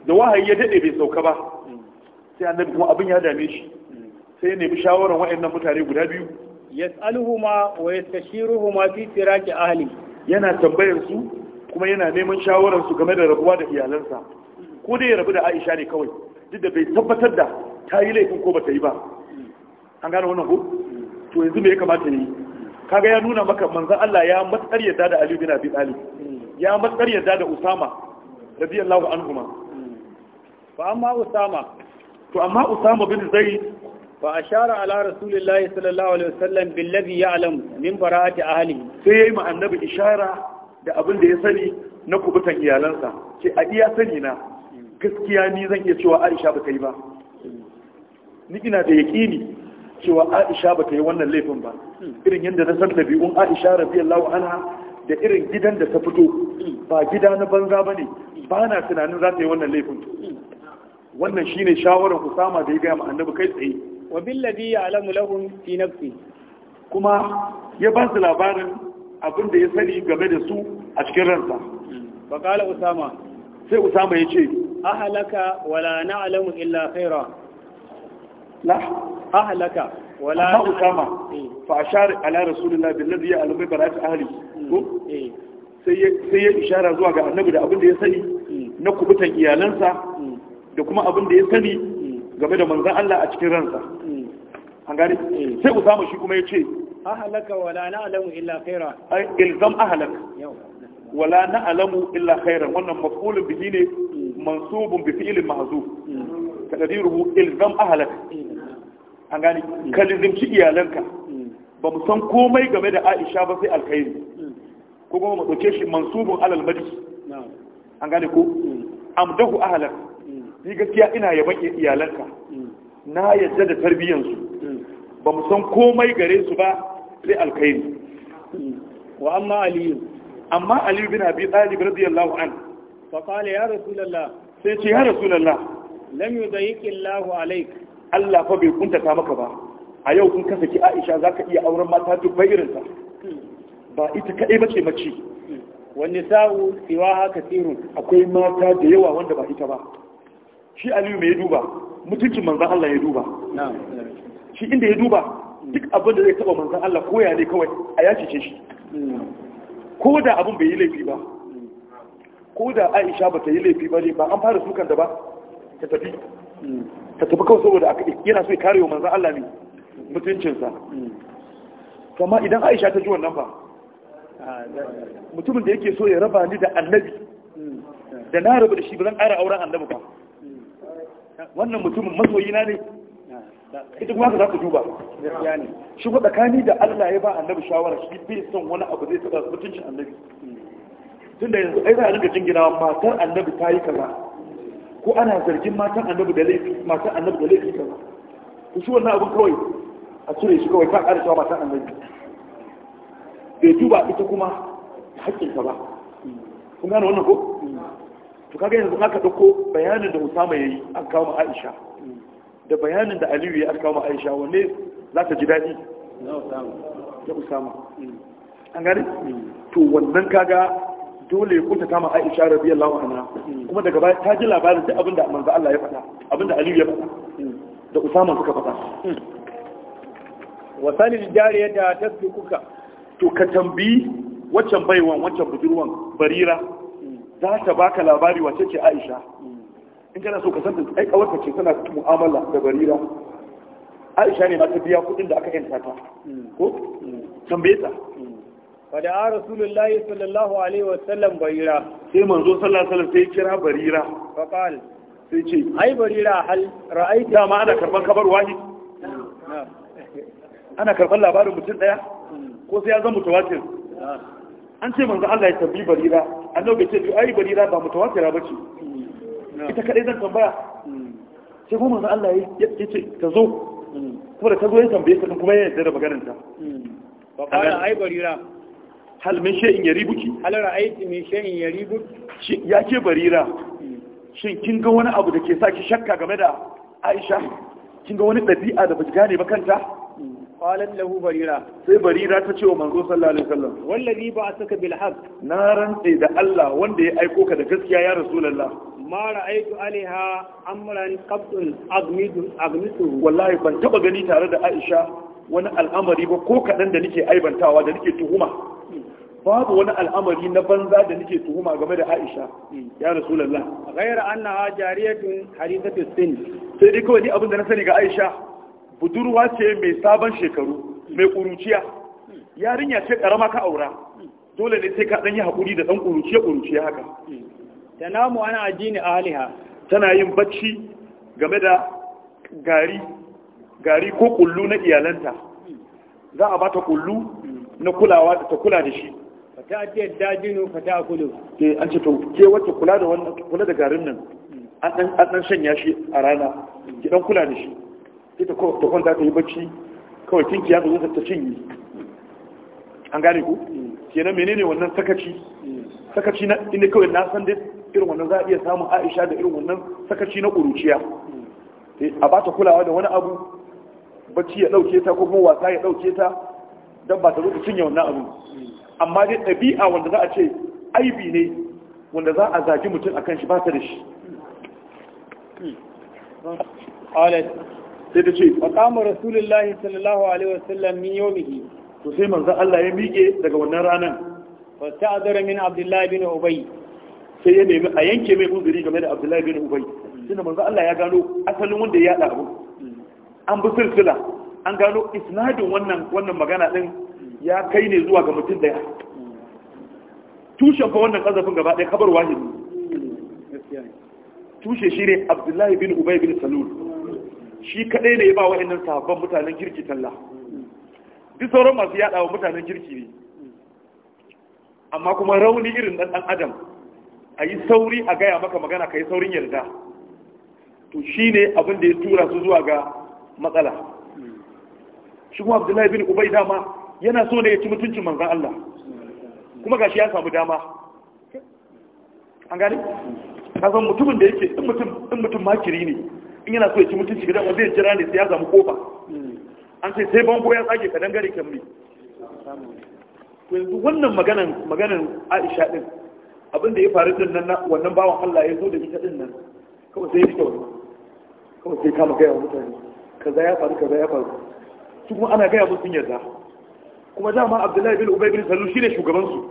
da wahayi ya dade bai sauka ba sai annabi kuma abin ya dame shi sai ya nemi shawaran wa'annan mutane guda biyu yas'aluhuma wa yastashiruhuma fi firaqi ahli yana tambayar su kuma yana neman shawaran su game da rabuwa da iyalansa ko dai ya rabu da Aisha ne kawai duk da bai tabbatar da ta yi laifin ko bata yi ba an gane wannan ko to yanzu me ya kamata yi kaga ya nuna maka manzon Allah ya matsar yadda da Ali bin Abi Talib ya matsar yadda da Usama radiyallahu anhuma fa amma Usama to amma usama bin zaid fa ashara ala rasulillahi sallallahu alaihi wasallam bil ladhi ya'lam min bara'ati ahli sai yayi ma annabi ishara da abin da ya sani na kubutan iyalansa ce a iya sani na gaskiya ni zan iya cewa Aisha ba yi ba ni ina da yaqini cewa Aisha ba yi wannan laifin ba irin yadda na san dabi'un Aisha radiyallahu anha da irin gidan da ta fito ba gida na banza bane ba na tunanin za ta yi wannan laifin wannan shine shawarar Usama da ya gaya annabi kai tsaye wa billadhi ya'lamu lahum fi nafsi kuma ya ba su labarin abin da ya sani game da su a cikin ransa fa qala Usama sai Usama ya ce ahlaka wala na'lamu illa khaira la ahlaka wala Usama eh. fa ashara ala rasulillah billadhi ya'lamu bara'at ahli hmm. eh. sai ya ishara zuwa ga annabi da abin da ya sani hmm. na kubutan iyalansa da kuma abin da ya sani game da manzan Allah a cikin ransa an gane sai usama shi kuma ya ce ahalaka wala alamu illa khaira ai ilzam ahalaka wala alamu illa khaira. wannan maf'ulun bihi ne mansubun bi fi'lin mahzuf hmm. taqdiruhu ilzam ahalak hmm. an gane hmm. ka lizimci iyalanka ba mu san komai game da Aisha ba sai alkhairi ko kuma mu dauke shi mansubun alal madhi an gane ko amdahu ahalak ni gaskiya ina yaban iyalanka na yadda da tarbiyyansu ba mu san komai gare su ba sai alkhairi wa amma aliyu amma aliyu bin abi talib radiyallahu an fa qala ya rasulullah sai ce ya rasulullah lam yudayyiki Allahu alayk Allah fa bai kuntata maka ba a yau kun ki Aisha zaka iya auren mata duk bayirin ta ba ita kadai bace mace wani sa'u siwa haka akwai mata da yawa wanda ba ita ba shi aliyu mai ya duba mutuncin manzan Allah ya duba shi inda ya duba duk abin da zai taba manzan Allah koya ne kawai a yaci shi hmm. ko da abin bai yi laifi ba ko da aisha ba ta yi laifi ba ne ba an fara sukan da ba ta tafi hmm. ta tafi kawai saboda yana so ya kare wa manzan Allah ne mutuncinsa kama hmm. idan aisha ta ji wannan ba ah, mutumin da yake so ya raba ni da annabi da na rabu da shi ba zan ƙara auren annabi ba wannan mutumin masoyi na ne ita kuma haka za ku duba gaskiya ne shi ko tsakani da Allah ya ba annabi shawara shi bai son wani abu zai saka mutuncin annabi tunda yanzu ai za a rinka jingina matar annabi ta yi kaza ko ana zargin matan annabi da laifi matar annabi da laifi kaza ku shi wannan abin kawai a cire shi kawai ka ƙara cewa matan annabi bai duba ita kuma haƙƙinta ba kun gane wannan ko to kaga yanzu aka dauko bayanin da Usama yayi an kawo Aisha da bayanin da Aliyu ya kawo Aisha wanne za ta ji dadi na Usama an gani to wannan kaga dole ku ta kama Aisha radiyallahu anha kuma daga baya ta ji labarin duk abinda manzo Allah ya faɗa abinda Aliyu ya faɗa da Usama suka faɗa wa ta jariyata kuka. to ka tambi waccan baiwan waccan budurwan barira za ta baka labari wace ce aisha in kana so ka san da ai kawarka ce tana mu'amala da barira aisha ne ma ta biya kuɗin da aka yanta ta ko tambaye ta fada a rasulullah sallallahu alaihi wasallam barira sai manzo sallallahu alaihi wasallam sai kira barira faqal sai ce ai barira hal ra'aita da ma ana karban kabar wahid ana karban labarin mutum daya hmm. ko sai ya zama mutawatir an ce manzo Allah ya tabbi barira annabi ce to ai bari ba mutawatira bace ita kadai zan tambaya sai kuma manzo Allah ya ce ta zo kuma da ta zo ya tambaye ta kuma ya yarda da maganar ta fa qala ai barira hal min shay'in yaribuki hal ra'aiti min shay'in yaribuk ya ce barira shin kin ga wani abu da ke sa ki shakka game da Aisha kin ga wani dabi'a da baki gane ba kanta qalat lahu barira sai barira ta ce wa manzo sallallahu alaihi wasallam wallazi ba'athaka bil haqq na rantse da Allah wanda ya aiko ka da gaskiya ya rasulullah Mara ra'aytu alaiha amran qabdun agmidu wallahi ban taba gani tare da Aisha wani al'amari ba ko kadan da nake aibantawa da nake tuhuma babu wani al'amari na banza da nake tuhuma game da Aisha ya rasulullah ghayra annaha jariyatun hadithatu sin sai dai kawai ni abin da na sani ga Aisha budurwa ce mai sabon shekaru mai ƙuruciya yarinya ce ƙarama ka aura dole ne sai ka ɗan yi haƙuri da ɗan ƙuruciya ƙuruciya haka ta namu ana addini aliha tana yin bacci game da gari gari ko kullu na iyalanta za a bata kullu na kulawa ta kula da shi fata ajiyar dajinu fata kulu ke eh, an ce to ke wacce kula da wannan kula da garin nan an dan shanya shi a rana ki ɗan kula da shi ita ko ta kwanta ta yi bacci kawai kinki ya zo ta cinye an gane ku kenan menene wannan sakaci sakaci na inda kawai na san dai irin wannan za a iya samun Aisha da irin wannan sakaci na kuruciya eh, a ba ta kulawa da wani abu bacci ya dauke ta ko kuma wasa ya dauke ta dan ba ta zo ta cinye wannan abu amma dai ɗabi'a wanda za a ce aibi ne wanda za a zagi mutum akan shi ba ta da shi sai ta ce fa qama rasulullahi sallallahu alaihi wasallam min yawmihi to sai manzo Allah ya miƙe daga wannan ranan fa ta'adara min abdullahi bin ubay sai ya nemi a yanke mai uzuri game da abdullahi bin ubay tunda manzo Allah ya gano asalin wanda ya yada abu an bi silsila an gano isnadin wannan wannan magana din ya kai ne zuwa ga mutum daya tushen fa wannan kazafin gaba ɗaya kabar wahidi tushe shi ne abdullahi bin ubay bin salul shi kadai ne ya ba waɗannan sahabban mutanen kirki talla duk sauran masu yada wa mutanen kirki ne amma kuma rauni irin dan dan adam a yi sauri a gaya maka magana ka yi saurin yarda to shi ne abin da ya tura su zuwa ga matsala shi kuma abdullahi bin ubai dama yana so ne ya ci mutuncin manzan Allah kuma gashi ya samu dama an gane kasan mutumin da yake in mutum makiri ne in yana so ya ci mutunci gidan wanda ya jira ne sai ya samu kofa an ce sai bango ya tsage ka dangare kan mai yanzu wannan maganan maganan Aisha din abin da ya faru din nan wannan bawan Allah ya zo da ita din nan kawai sai ya rike wani, kawai sai kama gaya wa mutane kaza ya faru kaza ya faru su kuma ana gaya musu yarda kuma dama Abdullahi bin Ubay bin shi shine shugaban su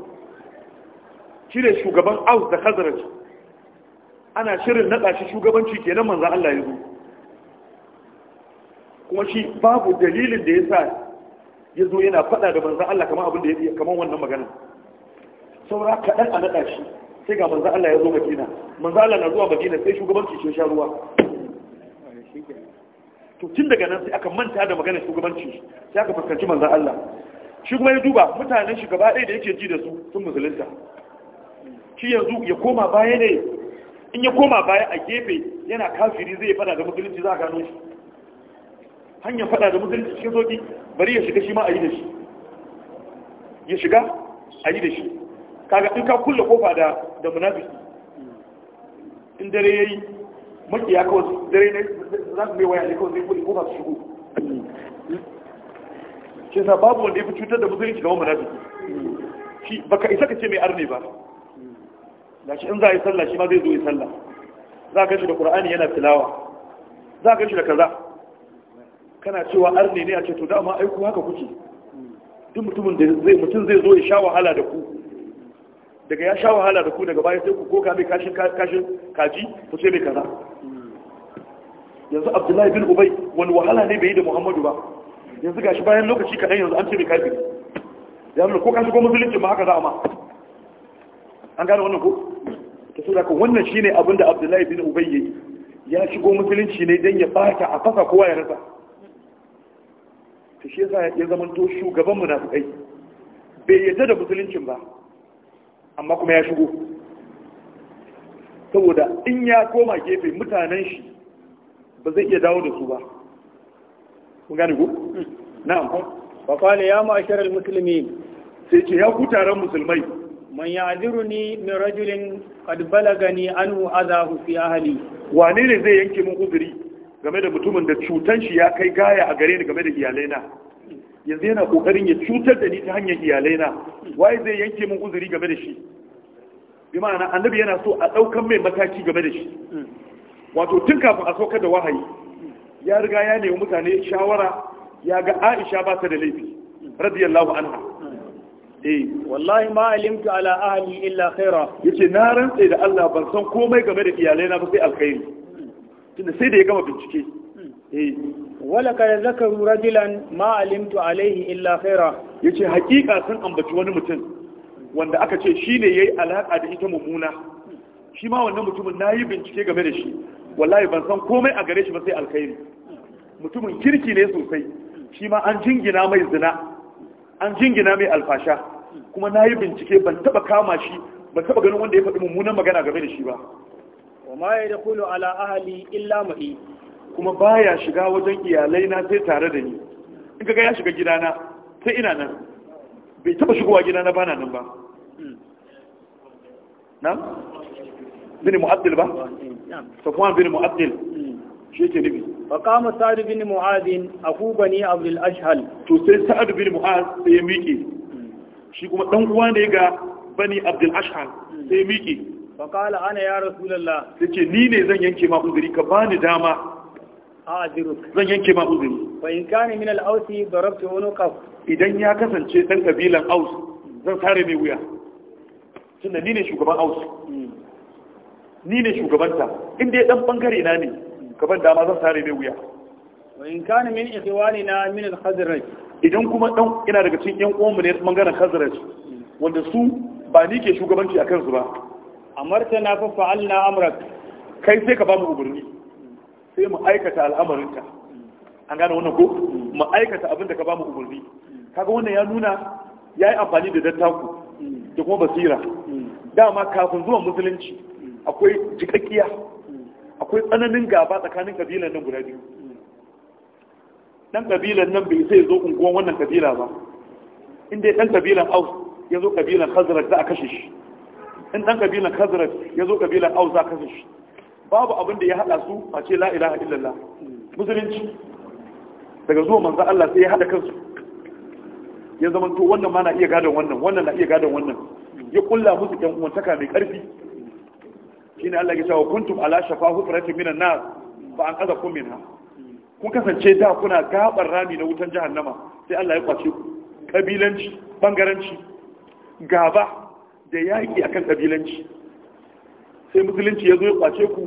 shine shugaban Aus da Khazraj ana shirin naɗa shi shugabanci kenan manzan Allah ya zo kuma shi babu dalilin da ya sa ya zo yana faɗa da manzan Allah kamar abin da ya iya kamar wannan magana saura kaɗan a naɗa shi sai ga manzan Allah ya zo Madina manzan Allah na zuwa Madina sai shugabanci shi sha ruwa to tun daga nan sai aka manta da magana shugabanci sai aka fuskanci manzan Allah shi kuma ya duba mutanen shi gaba ɗaya da yake ji da su sun musulunta shi yanzu ya koma baya ne in ya koma baya a gefe yana kafiri zai fada da musulunci za a gano shi hanyar fada da musulunci cikin zoki bari ya shiga shi ma a yi da shi ya shiga a yi da shi kaga in ka kulle kofa da da munafiki in dare yayi ya kawo dare ne za su mai waya ne kawai zai kulle kofa su shigo shi sa babu wanda ya fi cutar da musulunci kamar munafiki shi baka isa ka ce mai arne ba gashi in za a yi sallah shi ma zai zo yi sallah za a shi da ƙur'ani yana tilawa za a shi da kaza kana cewa arne ne a ce to dama aiku haka kuke duk mutumin da zai mutum zai zo ya sha wahala da ku daga ya sha wahala da ku daga baya sai ku koka mai kashin kashin kaji ku ce mai kaza yanzu abdullahi bin ubai wani wahala ne bai yi da muhammadu ba yanzu gashi bayan lokaci kaɗan yanzu an ce mai kafi ya nuna ko kashi ko musulunci ma haka za a ma an gane wannan ko ta so ko wannan shine abin da abdullahi bin ubay ya shigo musulunci ne dan ya baka a fasa kowa ya rasa to shi yasa ya zama to shugaban munafikai bai yadda da musuluncin ba amma kuma ya shigo saboda in ya koma gefe mutanen shi ba zai iya dawo da su ba kun gane ko hmm. na'am fa qala ya ma'ashar al-muslimin sai ce ya ku taron musulmai man ni min rajulin qad balagani anhu adahu fi ahli wane ne zai yanke mun uzuri game da mutumin da cutan shi ya kai gaya a gare ni game da iyalaina yanzu yana kokarin ya cutar da ni ta hanyar iyalaina waye zai yanke mun uzuri game da shi bi ma'ana annabi yana so a daukan mai mataki game da shi wato tun kafin a sauka da wahayi ya riga ya nemi mutane shawara ya ga Aisha ba ta da laifi radiyallahu anha eh wallahi ma alimtu ala ahli illa khaira yace na rantsa da Allah ban san komai game da iyalai na ba sai alkhairi tunda sai da ya gama bincike eh wala kad zakaru rajulan ma alimtu alaihi illa khaira yace hakika sun ambaci wani mutum wanda aka ce shine yayi alaka da ita mummuna shi ma wannan mutumin nayi bincike game da shi wallahi ban san komai a gare shi ba sai alkhairi mutumin kirki ne sosai shi ma an jingina mai zina an jingina mai alfasha kuma na yi bincike ban taba kama shi ban taba ganin wanda ya faɗi mummunan magana game da shi ba wa ma ya Kulu ala ahali illa ma'i kuma baya shiga wajen iyalai na sai tare da ni in kaga ya shiga gidana sai ina nan bai taba shigowa gidana bana nan ba na bin mu'addil ba safwan bin mu'addil shi yake nufi fa qama sa'd bin mu'adh aku bani abdul ashhal to sai sa'd bin mu'adh sai ya miƙe shi kuma ɗan uwa ne ga bani abdul ashhan sai miƙe faƙala ana ya rasulallah sai ce ni ne zan yanke ma uzuri ka bani dama zan yanke ma uzuri fa in kana min al-ausi wani kaf. idan ya kasance ɗan kabilan aus zan sare mai wuya tunda ni ne shugaban aus hmm. ni ne shugabanta inda ya dan bangare na ne ka ban dama zan sare mai wuya wa in kana min na min al-khazraj idan kuma dan ina daga cikin yan uwanmu ne mangana kazaraci wanda su ba ni ke shugabanci a kansu ba amarta na fa fa'alna Amurka. kai sai ka ba mu umarni sai mu aikata al'amarinka an gane wannan ko mu aikata abin da ka ba mu umarni kaga wannan ya nuna ya yi amfani da dattaku da kuma basira dama kafin zuwan musulunci akwai jikakkiya akwai tsananin gaba tsakanin kabilan nan guda biyu dan kabilan nan bai sai zo unguwan wannan kabila ba in dai dan kabilan aus ya zo kabilan khazraj za a kashe shi in dan kabilan khazraj ya zo kabilan aus za a kashe shi babu abin da ya hada su a ce la ilaha illallah musulunci daga zuwa manzo Allah sai ya hada kansu ya zama to wannan ma na iya gadon wannan wannan na iya gadon wannan ya kulla musu ɗan uwantaka mai ƙarfi shine Allah ya ce wa kuntum ala shafa hufratin minan nar fa an azakum minha kun kasance da kuna gabar rami na wutan jahannama sai Allah ya kwace ku kabilanci bangaranci gaba da yaki akan kabilanci sai musulunci ya zo ya kwace ku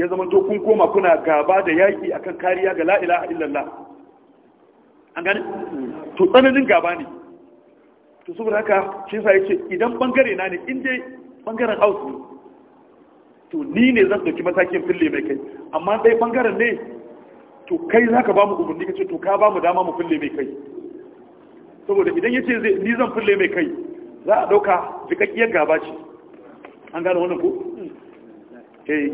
ya zama to kun koma kuna gaba da yaki akan kariya ga la ilaha illallah an gane to tsananin gaba ne to saboda haka shi yasa yace idan bangare na ne in bangaren house ne to ni ne zan dauki matakin fille mai kai amma dai bangaren ne to kai za ka ba mu umarni ka ce to ka ba mu dama mu kulle mai kai saboda idan ya ce ni zan kulle mai kai za a ɗauka jikakkiyar gaba ce an gane wannan ko? eh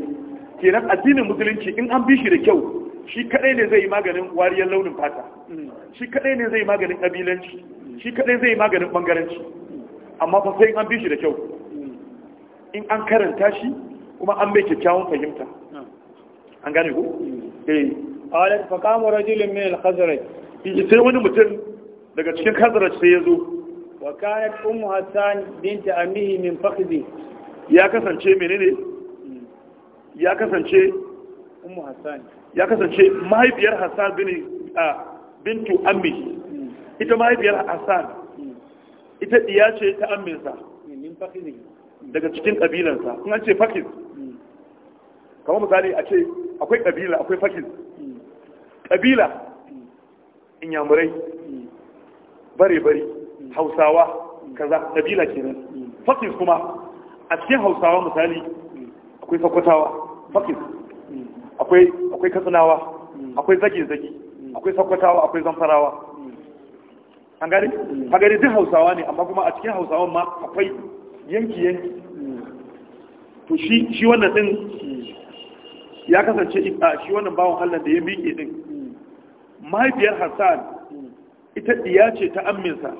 kenan addinin musulunci in an bishi da kyau shi kadai ne zai yi maganin wariyar launin fata shi kadai ne zai yi maganin kabilanci shi kadai zai yi maganin bangaranci amma fa sai an bishi da kyau in an karanta shi kuma an mai kyakkyawan fahimta an gane ku eh qalat fa qama rajulun min al-khazraj sai wani mutum daga cikin khazraj sai ya zo wa kanat ummu hasan binta amihi min fakhdi ya kasance menene ya kasance ummu hasan ya kasance mahaifiyar hasan bin bintu Ammi. ita mahaifiyar hasan ita diya ce ta amminsa min fakhdi daga cikin kabilansa in an ce fakhdi kamar misali a ce akwai kabila akwai fakhdi kabila inyamurai bare-bare hausawa kaza ke nan fakis kuma a cikin hausawa misali akwai sakwatawa fakis akwai katsinawa akwai zage-zage akwai sakwatawa akwai zamfarawa an gari hagari duk hausawa ne amma kuma a cikin hausawan ma akwai yanki-yanki to shi wannan din ya kasance shi wannan bawon allah da ya miƙe din mahaifiyar hassan ita diya ce ta amminsa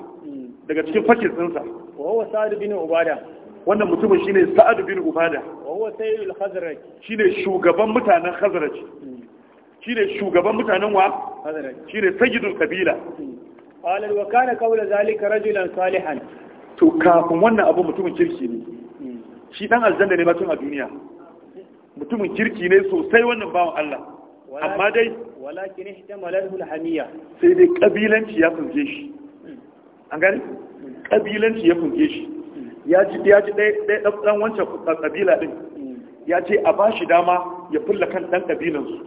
daga cikin fakin sinsa wa huwa sa'ad bin ubada wannan mutumin shine sa'ad bin ubada wa huwa sayyidul khazraj shine shugaban mutanen khazraj shine shugaban mutanen wa khazraj shine sayyidul kabila qala wa kana qawla zalika rajulan salihan to kafin wannan abu mutumin kirki ne shi dan aljanna ne ba tun a duniya mutumin kirki ne sosai wannan bawan Allah amma dai walakin ihtamalahu alhamiya sai dai kabilanci ya funke shi an gani kabilanci ya funke shi ya ji ya ji dai dan wancan kabila din ya ce a ba shi dama ya fulla kan dan kabilansu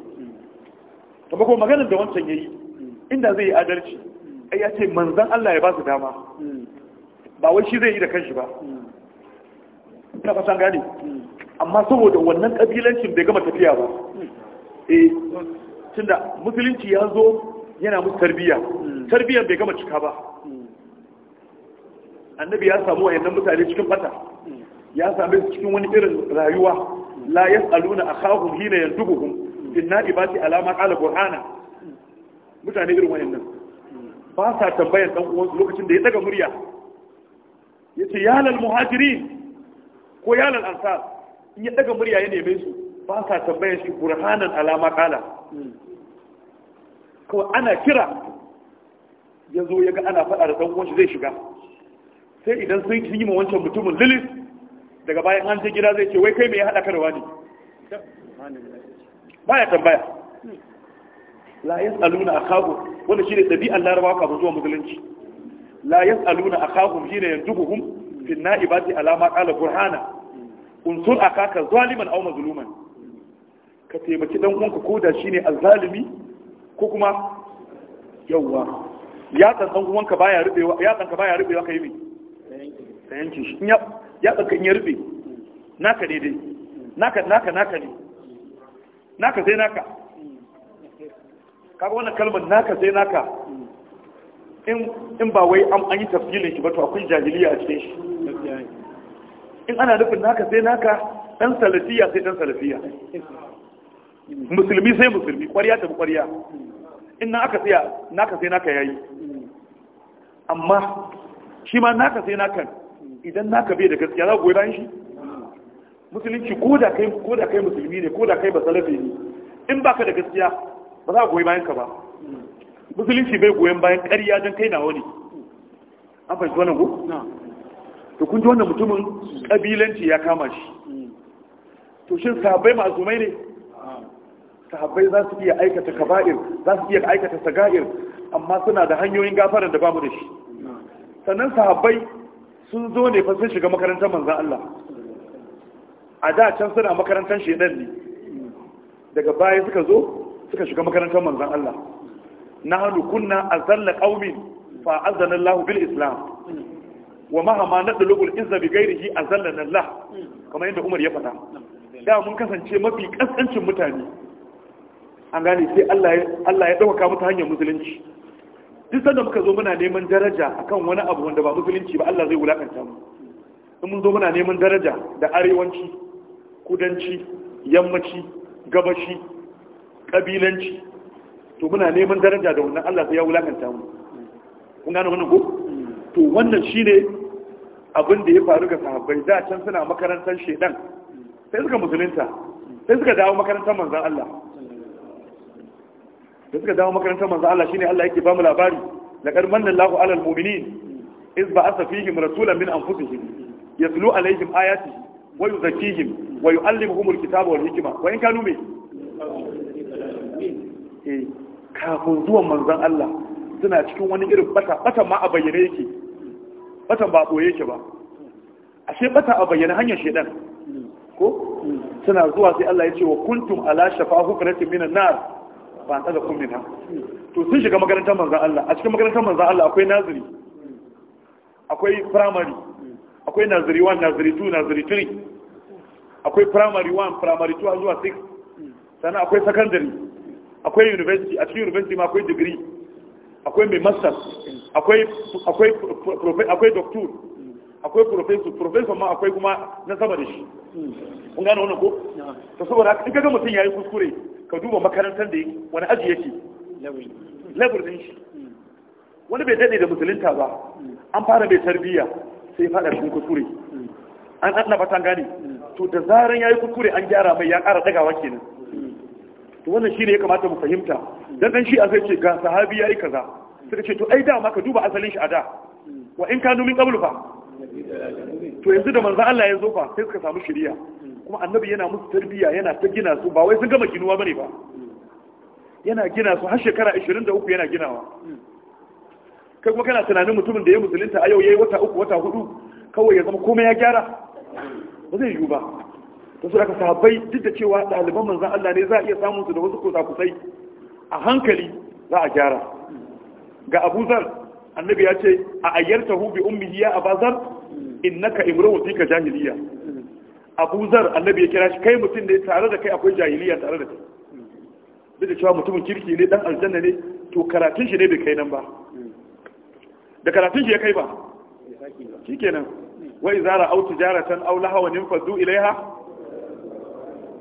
kuma ko magana da wancan yayi inda zai yi adalci ai ya ce manzon Allah ya ba su dama ba wai shi zai yi da kanshi ba ina fatan gane amma saboda wannan kabilancin bai gama tafiya ba eh tunda musulunci ya zo yana musu tarbiyya hmm. tarbiyyar bai gama cika ba hmm. annabi ya samu wayannan mutane cikin fata hmm. ya same su cikin wani irin rayuwa la yas'aluna akhahum hina yandubuhum inna ibati alama qala qur'ana mutane irin wayannan ba sa tambayar dan uwansu lokacin da ya daga murya yace ya lal muhajirin ko ya lal ansar in ya daga murya ya neme su ba sa tambayar shi qur'anan alama qala kawai ana kira ya zo ya ga ana faɗa da ɗan uwanshi zai shiga sai idan sun yi ma wancan mutumin lilis daga bayan an je gida zai ce wai kai mai haɗa ka da wani baya tambaya la a akhahu wanda shine dabi'an larabawa kafin zuwa musulunci la yas'aluna akhahum shine yandubuhum fi na'ibati alama qala burhana unsur akaka zaliman aw mazluman ka taimaki dan uwanka ko da shine azzalimi ko kuma yawwa ya tsantsan kuma ka baya rubewa ya tsanka baya rubewa ka yi ka yanke shi ya tsanka in ya rube naka daidai naka naka naka ne naka sai naka kaga wannan kalmar naka sai naka in ba wai an yi tafsilin shi ba to akwai jahiliya a cikin shi in ana nufin naka sai naka dan salafiya sai dan salafiya musulmi sai musulmi ƙwarya ta ƙwarya in na aka tsaya naka sai naka yayi amma shi ma naka sai naka idan naka bai da gaskiya za ku goyi bayan shi musulunci ko da kai ko da kai musulmi ne ko da kai ba salafi ne in baka da gaskiya ba za ku goyi bayan ka ba musulunci bai goyon bayan ƙarya don kai nawa ne an fahimci wannan ko to kun ji wannan mutumin kabilanci ya kama shi to shin sahabbai ma'azumai ne sahabbai za su iya aikata kaba'ir za su iya aikata saga'ir amma suna da hanyoyin gafarar da bamu da shi sannan sahabbai sun zo ne fa sun shiga makarantar manzan Allah a da can suna makarantar shedan ne daga baya suka zo suka shiga makarantar manzan Allah nahnu kunna azalla qaumin fa azana Allah bil islam wa mahama nadlubul izza bi a azallana Allah kamar yadda Umar ya faɗa da mun kasance mafi kasancin mutane an gane sai Allah ya ɗauka mata hanyar musulunci duk sanda muka zo muna neman daraja akan wani abu wanda ba musulunci ba Allah zai wulakanta mu in mun zo muna neman daraja da arewanci kudanci yammaci gabashi kabilanci to muna neman daraja da wannan Allah zai ya wulakanta mu kun gane wannan ko to wannan shine abin da ya faru ga sahabbai da can suna makarantar shedan sai suka musulunta sai suka dawo makarantar manzon Allah da suka dawo makarantar manzo Allah shine Allah yake bamu mu labari laqad manna Allahu alal mu'minin iz ba'atha fihim rasulan min anfusihim yatlu alaihim ayati wa yuzakkihim wa yu'allimuhum alkitaba wal hikma wa in kanu eh kafin zuwan manzon Allah suna cikin wani irin bata bata ma a bayyane yake bata ba boye yake ba ashe bata a bayyane hanyar shedan ko suna zuwa sai Allah ya ce wa kuntum ala shafa hukratin minan nar ba ta da kummina to sun shiga makarantar manzan Allah a cikin makarantar manzan Allah akwai naziri akwai primary akwai naziri 1 naziri 2 naziri 3 akwai primary 1 primary 2 zuwa 6 sannan akwai secondary akwai university a cikin university ma akwai degree akwai mai master akwai akwai doctor akwai professor professor ma akwai kuma na sama da shi kun gane wannan ko to saboda in kaga mutum yayi kuskure ka duba makarantar da yake wani aji yake level din shi wani bai daɗe da musulunta ba an fara bai tarbiyya sai fada cikin kuskure an anna fatan gane to da zaran yi kuskure an gyara mai ya ƙara dagawa kenan to wannan shi ne ya kamata mu fahimta dan dan shi a zai ce ga sahabi ya yi kaza sai ce to ai da ma ka duba asalin shi a da wa in ka numin qablu fa to yanzu da manzo Allah ya zo fa sai suka samu shiriya kuma annabi yana musu tarbiyya yana ta gina su ba wai sun gama ginuwa bane ba yana gina su har shekara 23 yana ginawa kai kuma kana tunanin mutumin da ya musulunta a yau yayi wata uku wata hudu kawai ya zama komai ya gyara ba zai yiwu ba to sai aka sahabbai duk da cewa ɗaliban manzon Allah ne za a iya samun su da wasu kusa-kusai a hankali za a gyara ga Abu Zar annabi ya ce a ayyartahu bi ummihi ya Abazar innaka imru'un fika jahiliya abu zar annabi ya kira shi kai mutum ne tare da kai akwai jahiliya tare da kai duk da cewa mutumin kirki ne dan aljanna ne to karatun shi ne bai kai nan ba da karatun shi ya kai ba shikenan wa idza au tijaratan aw lahawan Fadu ilaiha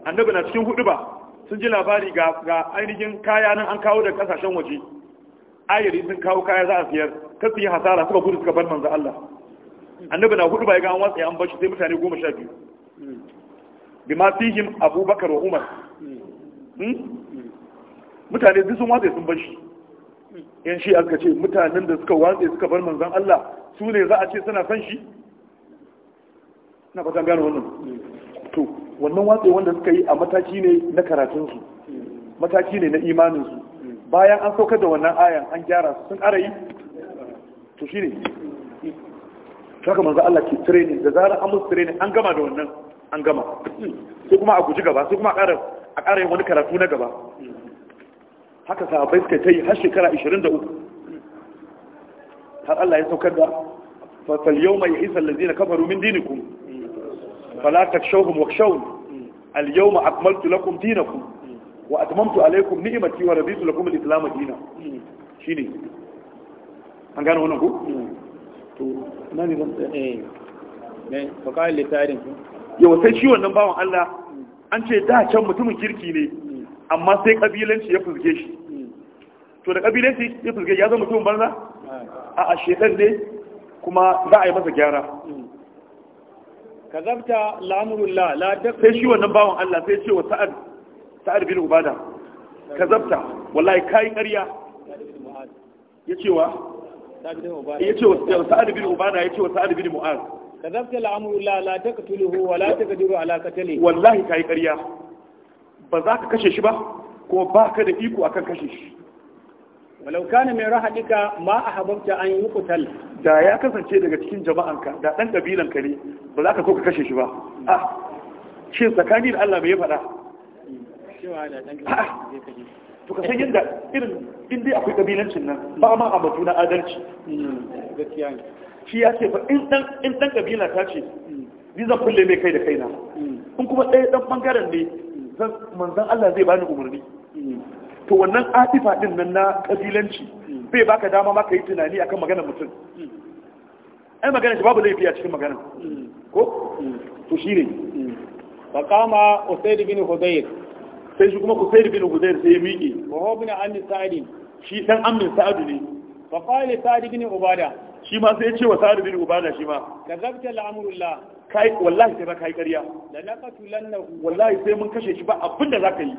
annabi na cikin hudu ba sun ji labari ga ga ainihin kaya nan an kawo da kasashen waje ayyari sun kawo kaya za a siyar kar su yi hasara suka gudu suka bar manzo Allah annabi na hudu ba ya ga an watsa an bar shi sai mutane goma sha biyu bima fihim abubakar wa umar hmm? mutane duk sun watsa sun bar shi yan shi aka ce mutanen da suka watsa suka bar manzon Allah su ne za a ce suna san shi na fatan gano wannan to wannan watsa wanda suka yi a mataki ne na karatun su mataki ne na imanin su bayan an saukar da wannan ayan an gyara su sun ara yi to shine haka manzo Allah ke training da zarar an musu training an gama da wannan an gama su kuma a guji gaba su kuma a ƙara yin wani karatu na gaba haka bai suka ta yi har shekara 23 har Allah ya saukar da fasal yau mai isa lazina kafaru min dinikum fala takshawhum wakshawun al yau ma akmaltu lakum ku wa atmamtu alaykum ni'mati wa raditu lakum al islam shi shine an gano wannan ku. to nani zan eh ne yau sai shi wannan bawan Allah an ce da can mutumin kirki ne amma sai kabilanci ya fuzge shi to da kabilanci ya fuzge ya zama mutumin banza a a shedan ne kuma za a yi masa gyara kazabta lamurullah la da sai shi wannan bawan Allah sai ce wa sa'ad sa'ad bin ubada kazabta wallahi kai ƙarya ya ce wa ya ce wa sa'ad bin ubada ya ce wa sa'ad bin mu'az kadabta al'amru la la taqtuluhu wa la taqdiru ala qatli wallahi kai ƙarya ba za ka kashe shi ba ko ba ka da iko akan kashe shi walau kana mai rahadika ma ahabbta an yuqtal da ya kasance daga cikin jama'anka da dan kabilan ka ne ba za ka so ka kashe shi ba a shi tsakani da Allah bai faɗa cewa da dan kabilan to ka san yadda irin in akwai kabilancin nan ba ma a batu na adalci gaskiya ne shi ya ce ba in ɗan ƙabila ta ce ni zan kulle mai kai da kaina in kuma ɗaya ɗan ɓangaren ne manzan Allah zai bani umarni to wannan atifa ɗin nan na ƙabilanci bai baka dama maka yi tunani akan maganar mutum ai magana shi babu laifi a cikin magana ko to shi ne kama usaid bin hudayr sai shi kuma usaid bin hudayr sai ya miƙe wa huwa bin an sa'id shi dan amin sa'id ne fa qala sa'id bin ubada shi ma sai ce wa sa'ad bin ubada shi ma kazabta al'amrullah kai wallahi sai ba kai ƙarya la naqatulannahu wallahi sai mun kashe shi ba abin da zaka yi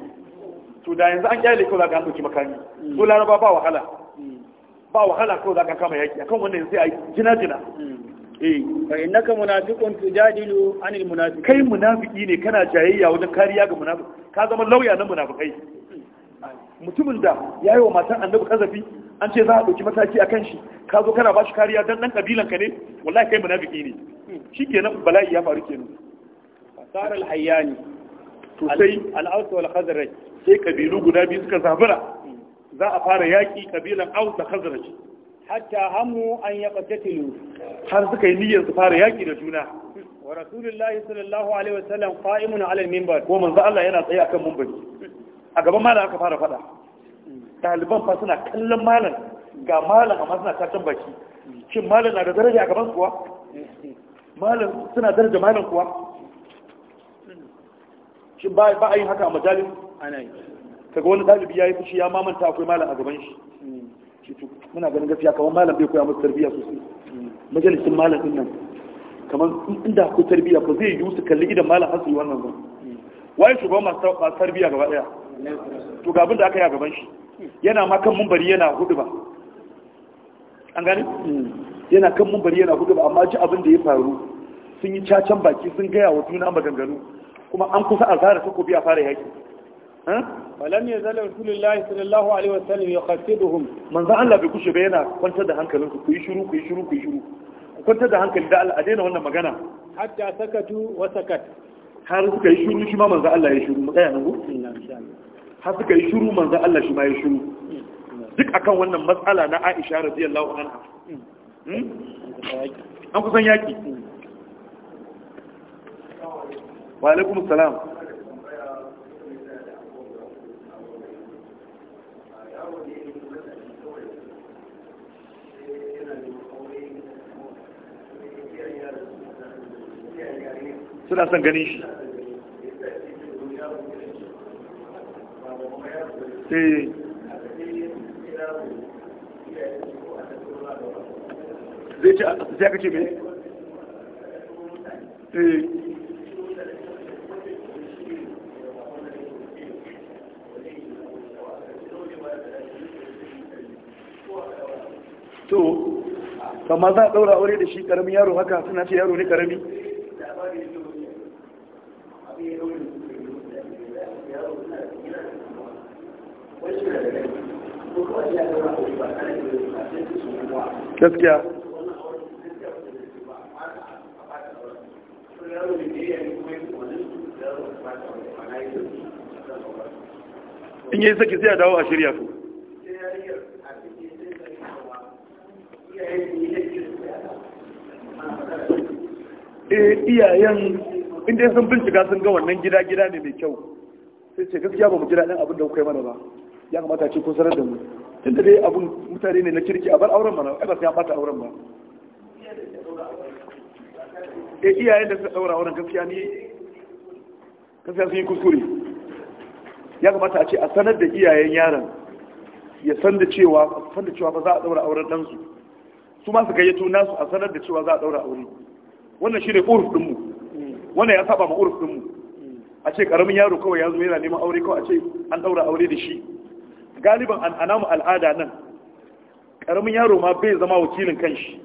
to da yanzu an kyale ko zaka an dauki makami to laraba ba wahala hmm. ba wahala za zaka kama yaki akan wannan sai ai jina jina hmm. eh fa innaka munafiqun tujadilu anil munafiqin kai munafiki ne kana jayayya wajen kariya ga munafiki ka zama lauya na munafikai hmm. mutumin da yayi wa matan annabi kazafi an ce za a ɗauki mataki a kan shi ka zo kana ba shi kariya don ɗan ƙabilanka ne wallahi kai munafiki ne shi kenan bala'i ya faru kenan fasar al-hayyani Sosai sai al-aus wal khazraj sai kabilu guda biyu suka zabura za a fara yaƙi kabilan aus da khazraj hatta hamu an yaqtatilu har suka yi niyyar su fara yaƙi da juna wa rasulullahi sallallahu alaihi wasallam qa'imun ala al-minbar ko manzo Allah yana tsaye akan minbari a gaban ma da aka fara faɗa. ɗaliban fa suna kallon malam ga malam amma suna tatan baki shin malam na da daraja a gaban kuwa malam suna daraja malam kuwa shin ba a yin haka a majalis ana yi kaga wani ɗalibi ya yi fushi ya mamanta akwai malam a gaban shi muna ganin gafiya kamar malam bai koya musu tarbiyya sosai majalisin malam din nan kamar inda akwai tarbiyya ba zai yi su kalli idan malam har su yi wannan ba waye shugaban masu tarbiyya gaba ɗaya to ga da aka yi a gaban shi yana ma kan mumbari yana hudu ba an gani yana kan mumbari yana hudu ba amma ji abin da ya faru sun yi cacan baki sun gaya wa juna maganganu kuma an kusa a zara takobi a fara yaki balam ya zala rasulullahi sallallahu alaihi wasallam ya khasiduhum manzo Allah bai kushe ba yana kwantar da hankalin ku yi shiru ku yi shiru ku yi shiru ku kwantar da hankali da Allah a daina wannan magana hatta sakatu wa sakat har suka yi shiru shi ma manzo Allah ya shiru mu tsaya nan ku har suka yi shiru manzan Allah shi ma ya shiru duk akan wannan matsala na Aisha radiyallahu anha hmm? an kusan yaki wa alaikum salam suna son ganin shi eh zai ce sai aka ce mai eh. to kamar za a ɗaura aure da shi ƙaramin yaro haka suna ce yaro ne karami gaskiya in yi saki sai a dawo a shirya su eh, iyayen inda sun bincika sun ga wannan gida-gida ne mai kyau sai ce gaskiya ba mu gida ɗin abin da kuka yi mana ba ya kamata ce kun sanar da mu tun da dai abin mutane ne na kirki a bar auren mana ba sai an bata auren ba eh iyayen da suka daura auren gaskiya ni gaskiya sun yi kuskure ya kamata a ce a sanar da iyayen yaron ya san da cewa san da cewa ba za a daura auren dan su su ma su gayyato nasu a sanar da cewa za a daura aure wannan shine urf din mu wannan ya saba ma urf din mu a ce karamin yaro kawai ya zo yana neman aure kawai a ce an daura aure da shi galiban an anamu al'ada nan karamin yaro ma bai zama wakilin kanshi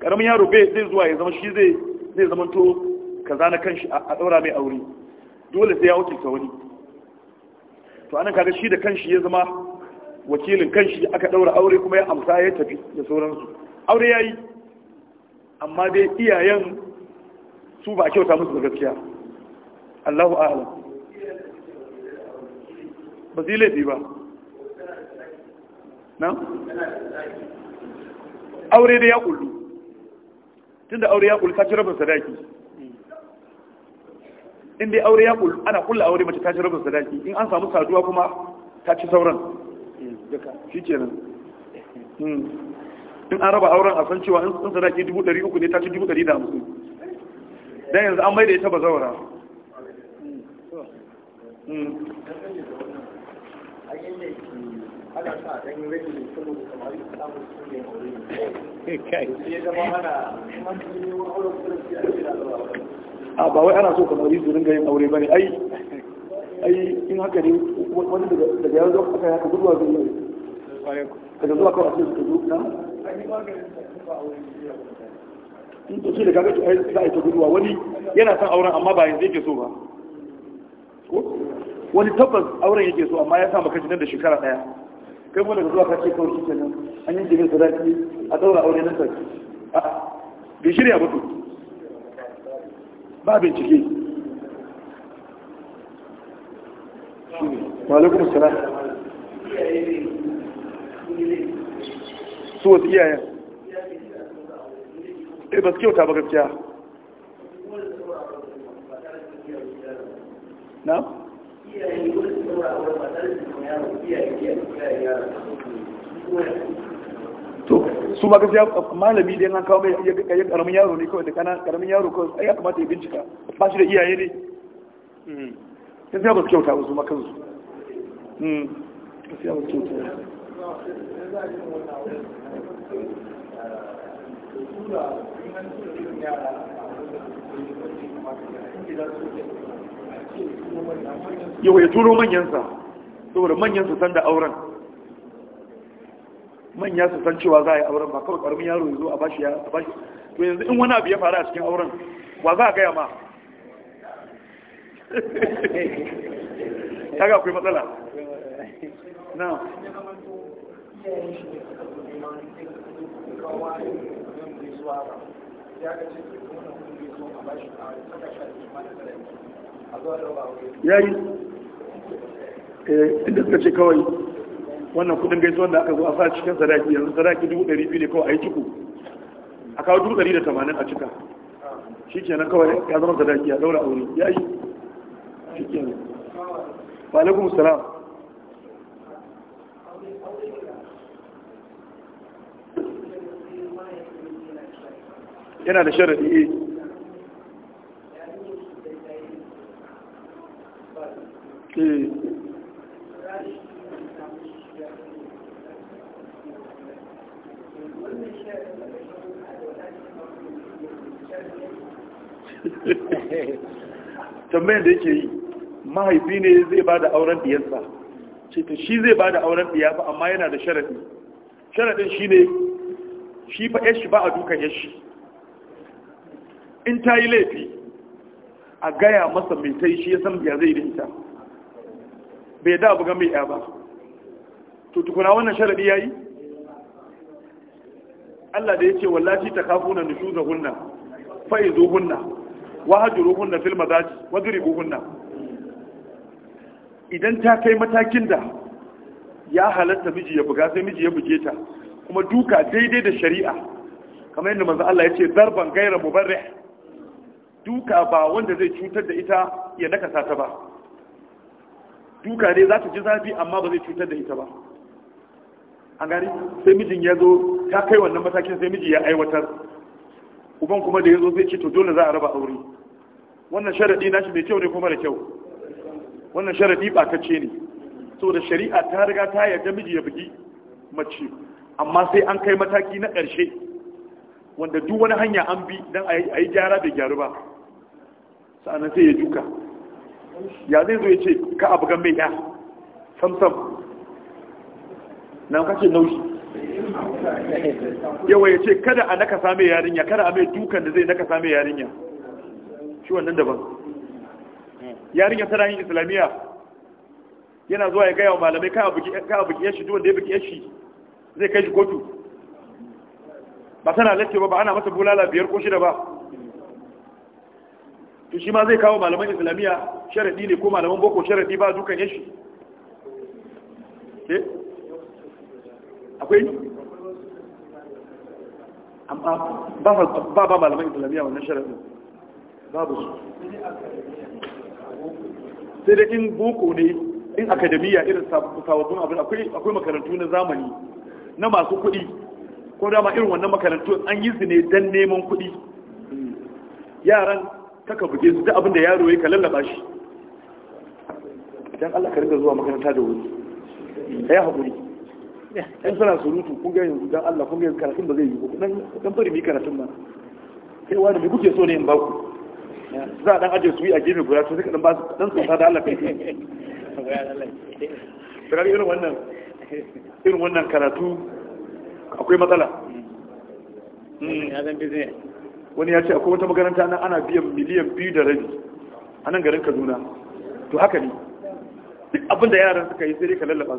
karamin yaro bai zai zuwa ya zama shi zai zai zama to kaza na kanshi a daura mai aure dole sai ya wakilta wani to anan kaga shi da kanshi ya zama wakilin kanshi aka daura aure kuma ya amsa ya tafi da sauransu aure yayi amma dai iyayen su ba a kyauta musu da gaskiya Allahu a'lam ba zai laifi ba Nan? aure da ya kullu tunda aure ya kullu ci rabin sadaki in dai aure ya kullu ana kulla aure mace ta ci rabin sadaki in an samu saduwa kuma ta ci sauran shi ke nan. Hmm. in an raba auren a san cewa in sadaki dubu ɗari uku ne ta ci dubu ɗari da hamsin dan yanzu an maida ita ba zaura hmm. a ba wai ana so kamar yi zurin yin aure ba ne, ai in haka ne wani daga yanzu aka yi haka guduwa zai yi daga zuwa kawai sai suka zo na in to shi da kaga za a yi ta guduwa wani yana son auren amma ba yanzu yake so ba wani tabbas auren yake so amma ya samu kashi nan da shekara daya kai kuma daga zuwa kace kawai shi kenan an yi jirin sadaki a daura aure nan take bi shirya ba ba bincike malaikun sana su wasu iyayen eh ba su kyauta ba gaskiya na? to su ma gaskiya malami da an kawo mai ya karamin yaro ne kawai da kana karamin yaro kawai ai ya kamata ya bincika ba shi da iyaye ne hmm. gaskiya ba su kyauta ba su ma kansu hmm. gaskiya ba su kyauta yau ya turo manyansa saboda manyan su san da auren manya su san cewa za a yi auren ba kawai karmi yaro ya zo a bashi ya bashi to yanzu in wani abu ya faru a cikin auren wa za a gaya ma kaga akwai matsala na ya ga cikin wani kuma a bashi a ya yi eh, inda suka ce kawai wannan kudin gaisu, wanda aka zo a sa cikin sadaki yanzu sadaki dubu ɗari biyu ne kawai a yi ciku a kawo dubu ɗari da tamanin a cika shi kenan kawai ya zama sadaki ya ɗaura aure ya yi shi kenan wa alaikum yana da sharaɗi eh. Eh. tambayar da yake yi mahaifi ne zai ba da auren diyarsa ce shi zai ba da auren diyafa amma yana da sharaɗi sharaɗin shi ne shi fa yashi ba a dukan yashi in ta yi laifi a gaya masa mai ta yi shi ya san biya zai da ita bai da abu gami ɗaya ba to wannan sharaɗi ya yi? Allah da ya ce, ta yace wallahi wahajuru nushuzahunna faizuhunna wahjuruhunna fil madaji hunna idan ta kai matakin da ya halatta miji ya buga sai miji ya buge ta kuma duka daidai da shari'a kamar yadda maza Allah ya ce, zarban gaira mubarra duka ba wanda zai cutar da ita ya nakasa ta ba duka ne za ta ji zafi amma ba zai cutar da ita ba an gani sai mijin ya zo ta kai wannan matakin sai miji ya aiwatar uban kuma da ya zo zai ce to dole za a raba aure wannan sharaɗi na shi mai kyau ne kuma da kyau wannan sharaɗi ce ne da shari'a ta riga ta yarda miji ya bugi mace amma sai an kai mataki na ƙarshe wanda duk wani hanya an bi don a yi gyara bai gyaru ba sa'annan sai ya duka ya zai zo ya ce ka abu gan mai ya samsam na kashe naushi yawa ya ce kada a naka same yarinya kada a mai dukan da zai naka same yarinya shi wannan daban yarinya tana yin islamiyya yana zuwa ya gaya wa malamai ka abu ki yashi duwanda ya buki yashi zai kai shi kotu ba tana latte ba ba ana masa bulala biyar ko shida ba to shi ma zai kawo malaman islamiyya sharadi ne ko malaman boko sharadi ba dukan yashi ke eh? akwai amma ba ba malaman islamiyya wannan sharadin babu su sai da in boko ne in akademiya irin sababbin abin akwai makarantu na zamani na masu kuɗi ko dama irin wannan makarantu an yi su ne don neman kuɗi yaran kaka buge su da abinda yaro ya ka lallaba shi idan Allah ka rika zuwa makaranta da wuri kai hakuri in suna surutu kun ga yanzu dan Allah kun ga karatun ba zai yi ba dan dan bari mi karatun ba kai wani me kuke so ne in ba ku za dan aje su yi a gefe guda su suka dan ba su dan sauka da Allah kai sai irin wannan irin wannan karatu akwai matsala ya zan bizne wani ya ce akwai wata makaranta nan ana biyan miliyan biyu da rabi a nan garin kaduna to haka ne duk abin da yaran suka yi sai ka lallaba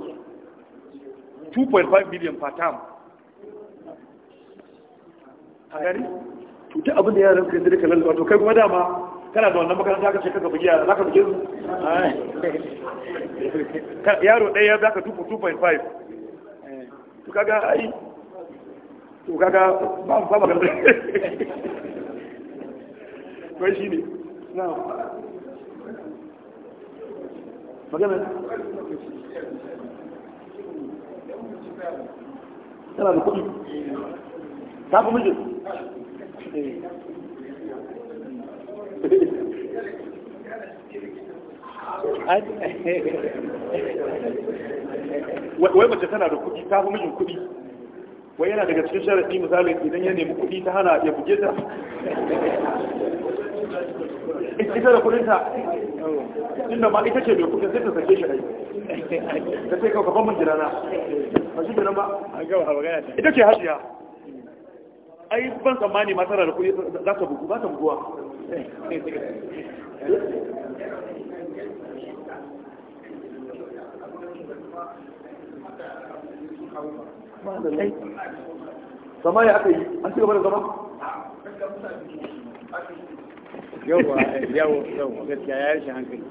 su 2.5 miliyan fatam a gari to duk abin da yaran suka yi sai ka lallaba to kai kuma dama kana da wannan makaranta ka ce ka bugi yara za ka bugi su yaro ɗaya za ka 2.5 to kaga ai to kaga ba ba ba ko shi ne na magana tana da kuɗi ta fi eh. wai mace tana da kuɗi ta fi mijin kuɗi wai yana daga cikin sharaɗi misali idan ya nemi kuɗi ta hana ya buge ta ita da kuɗin ta inda ma ita ce mai kuɗin sai ta sake shi aiki ta sai kawo kafan mun jirana ba shi jirana ba ita ce hajiya ai ban tsammani ma tara da kuɗi za ta bugu ba ta buguwa Thank you. zama ya aka yi an ci gaba da zama yawwa yawo yawo gaskiya ya rashin hankali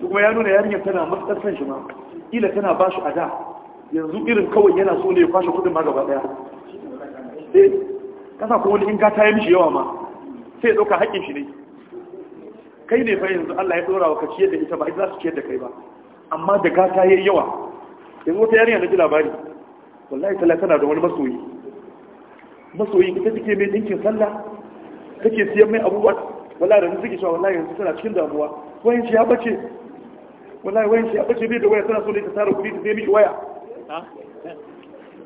kuma ya nuna yarinyar tana matsar shi ma ila tana ba shi a da yanzu irin kawai yana so ne ya kwashe kudin ma gaba daya eh kasa ko wani in gata ya mishi yawa ma sai ya dauka haƙƙin shi ne kai ne fa yanzu Allah ya dora wa ka ciyar da ita ba ita za su ciyar da kai ba amma da gata yi yawa yanzu wata yarinya na ji labari wallahi sallah tana da wani masoyi masoyi ita take mai dinkin sallah take siyan mai abubuwa wallahi da suke cewa wallahi yanzu tana cikin damuwa wayan shi ya bace wallahi wayan shi ya bace bai da waya tana so ne ta tara kuɗi ta sai miki waya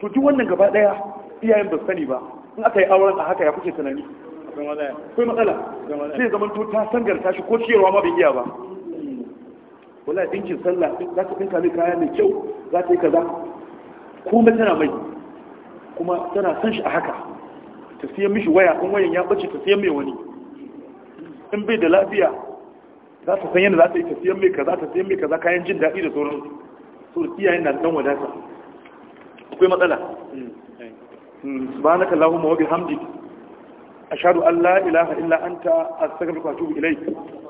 to duk wannan gaba daya iyayen ba sani ba in aka yi auren a haka ya kuke tunani akwai matsala sai zaman to ta sangarta shi ko ciyarwa ma bai iya ba hmm. wallahi dinkin sallah za ta dinka mai kaya mai kyau za ta yi kaza kuma tana mai kuma tana san shi a haka ta siya mishi waya in wayan ya bace ta siya mai wani in bai da lafiya za ta san yadda za ta yi ta siya mai kaza ta siya mai kaza kayan jin daɗi da sauran su da iyayen na dan wadata akwai matsala hmm, subhanaka allahumma wa bihamdik ashhadu an la ilaha illa anta astaghfiruka wa atubu ilayk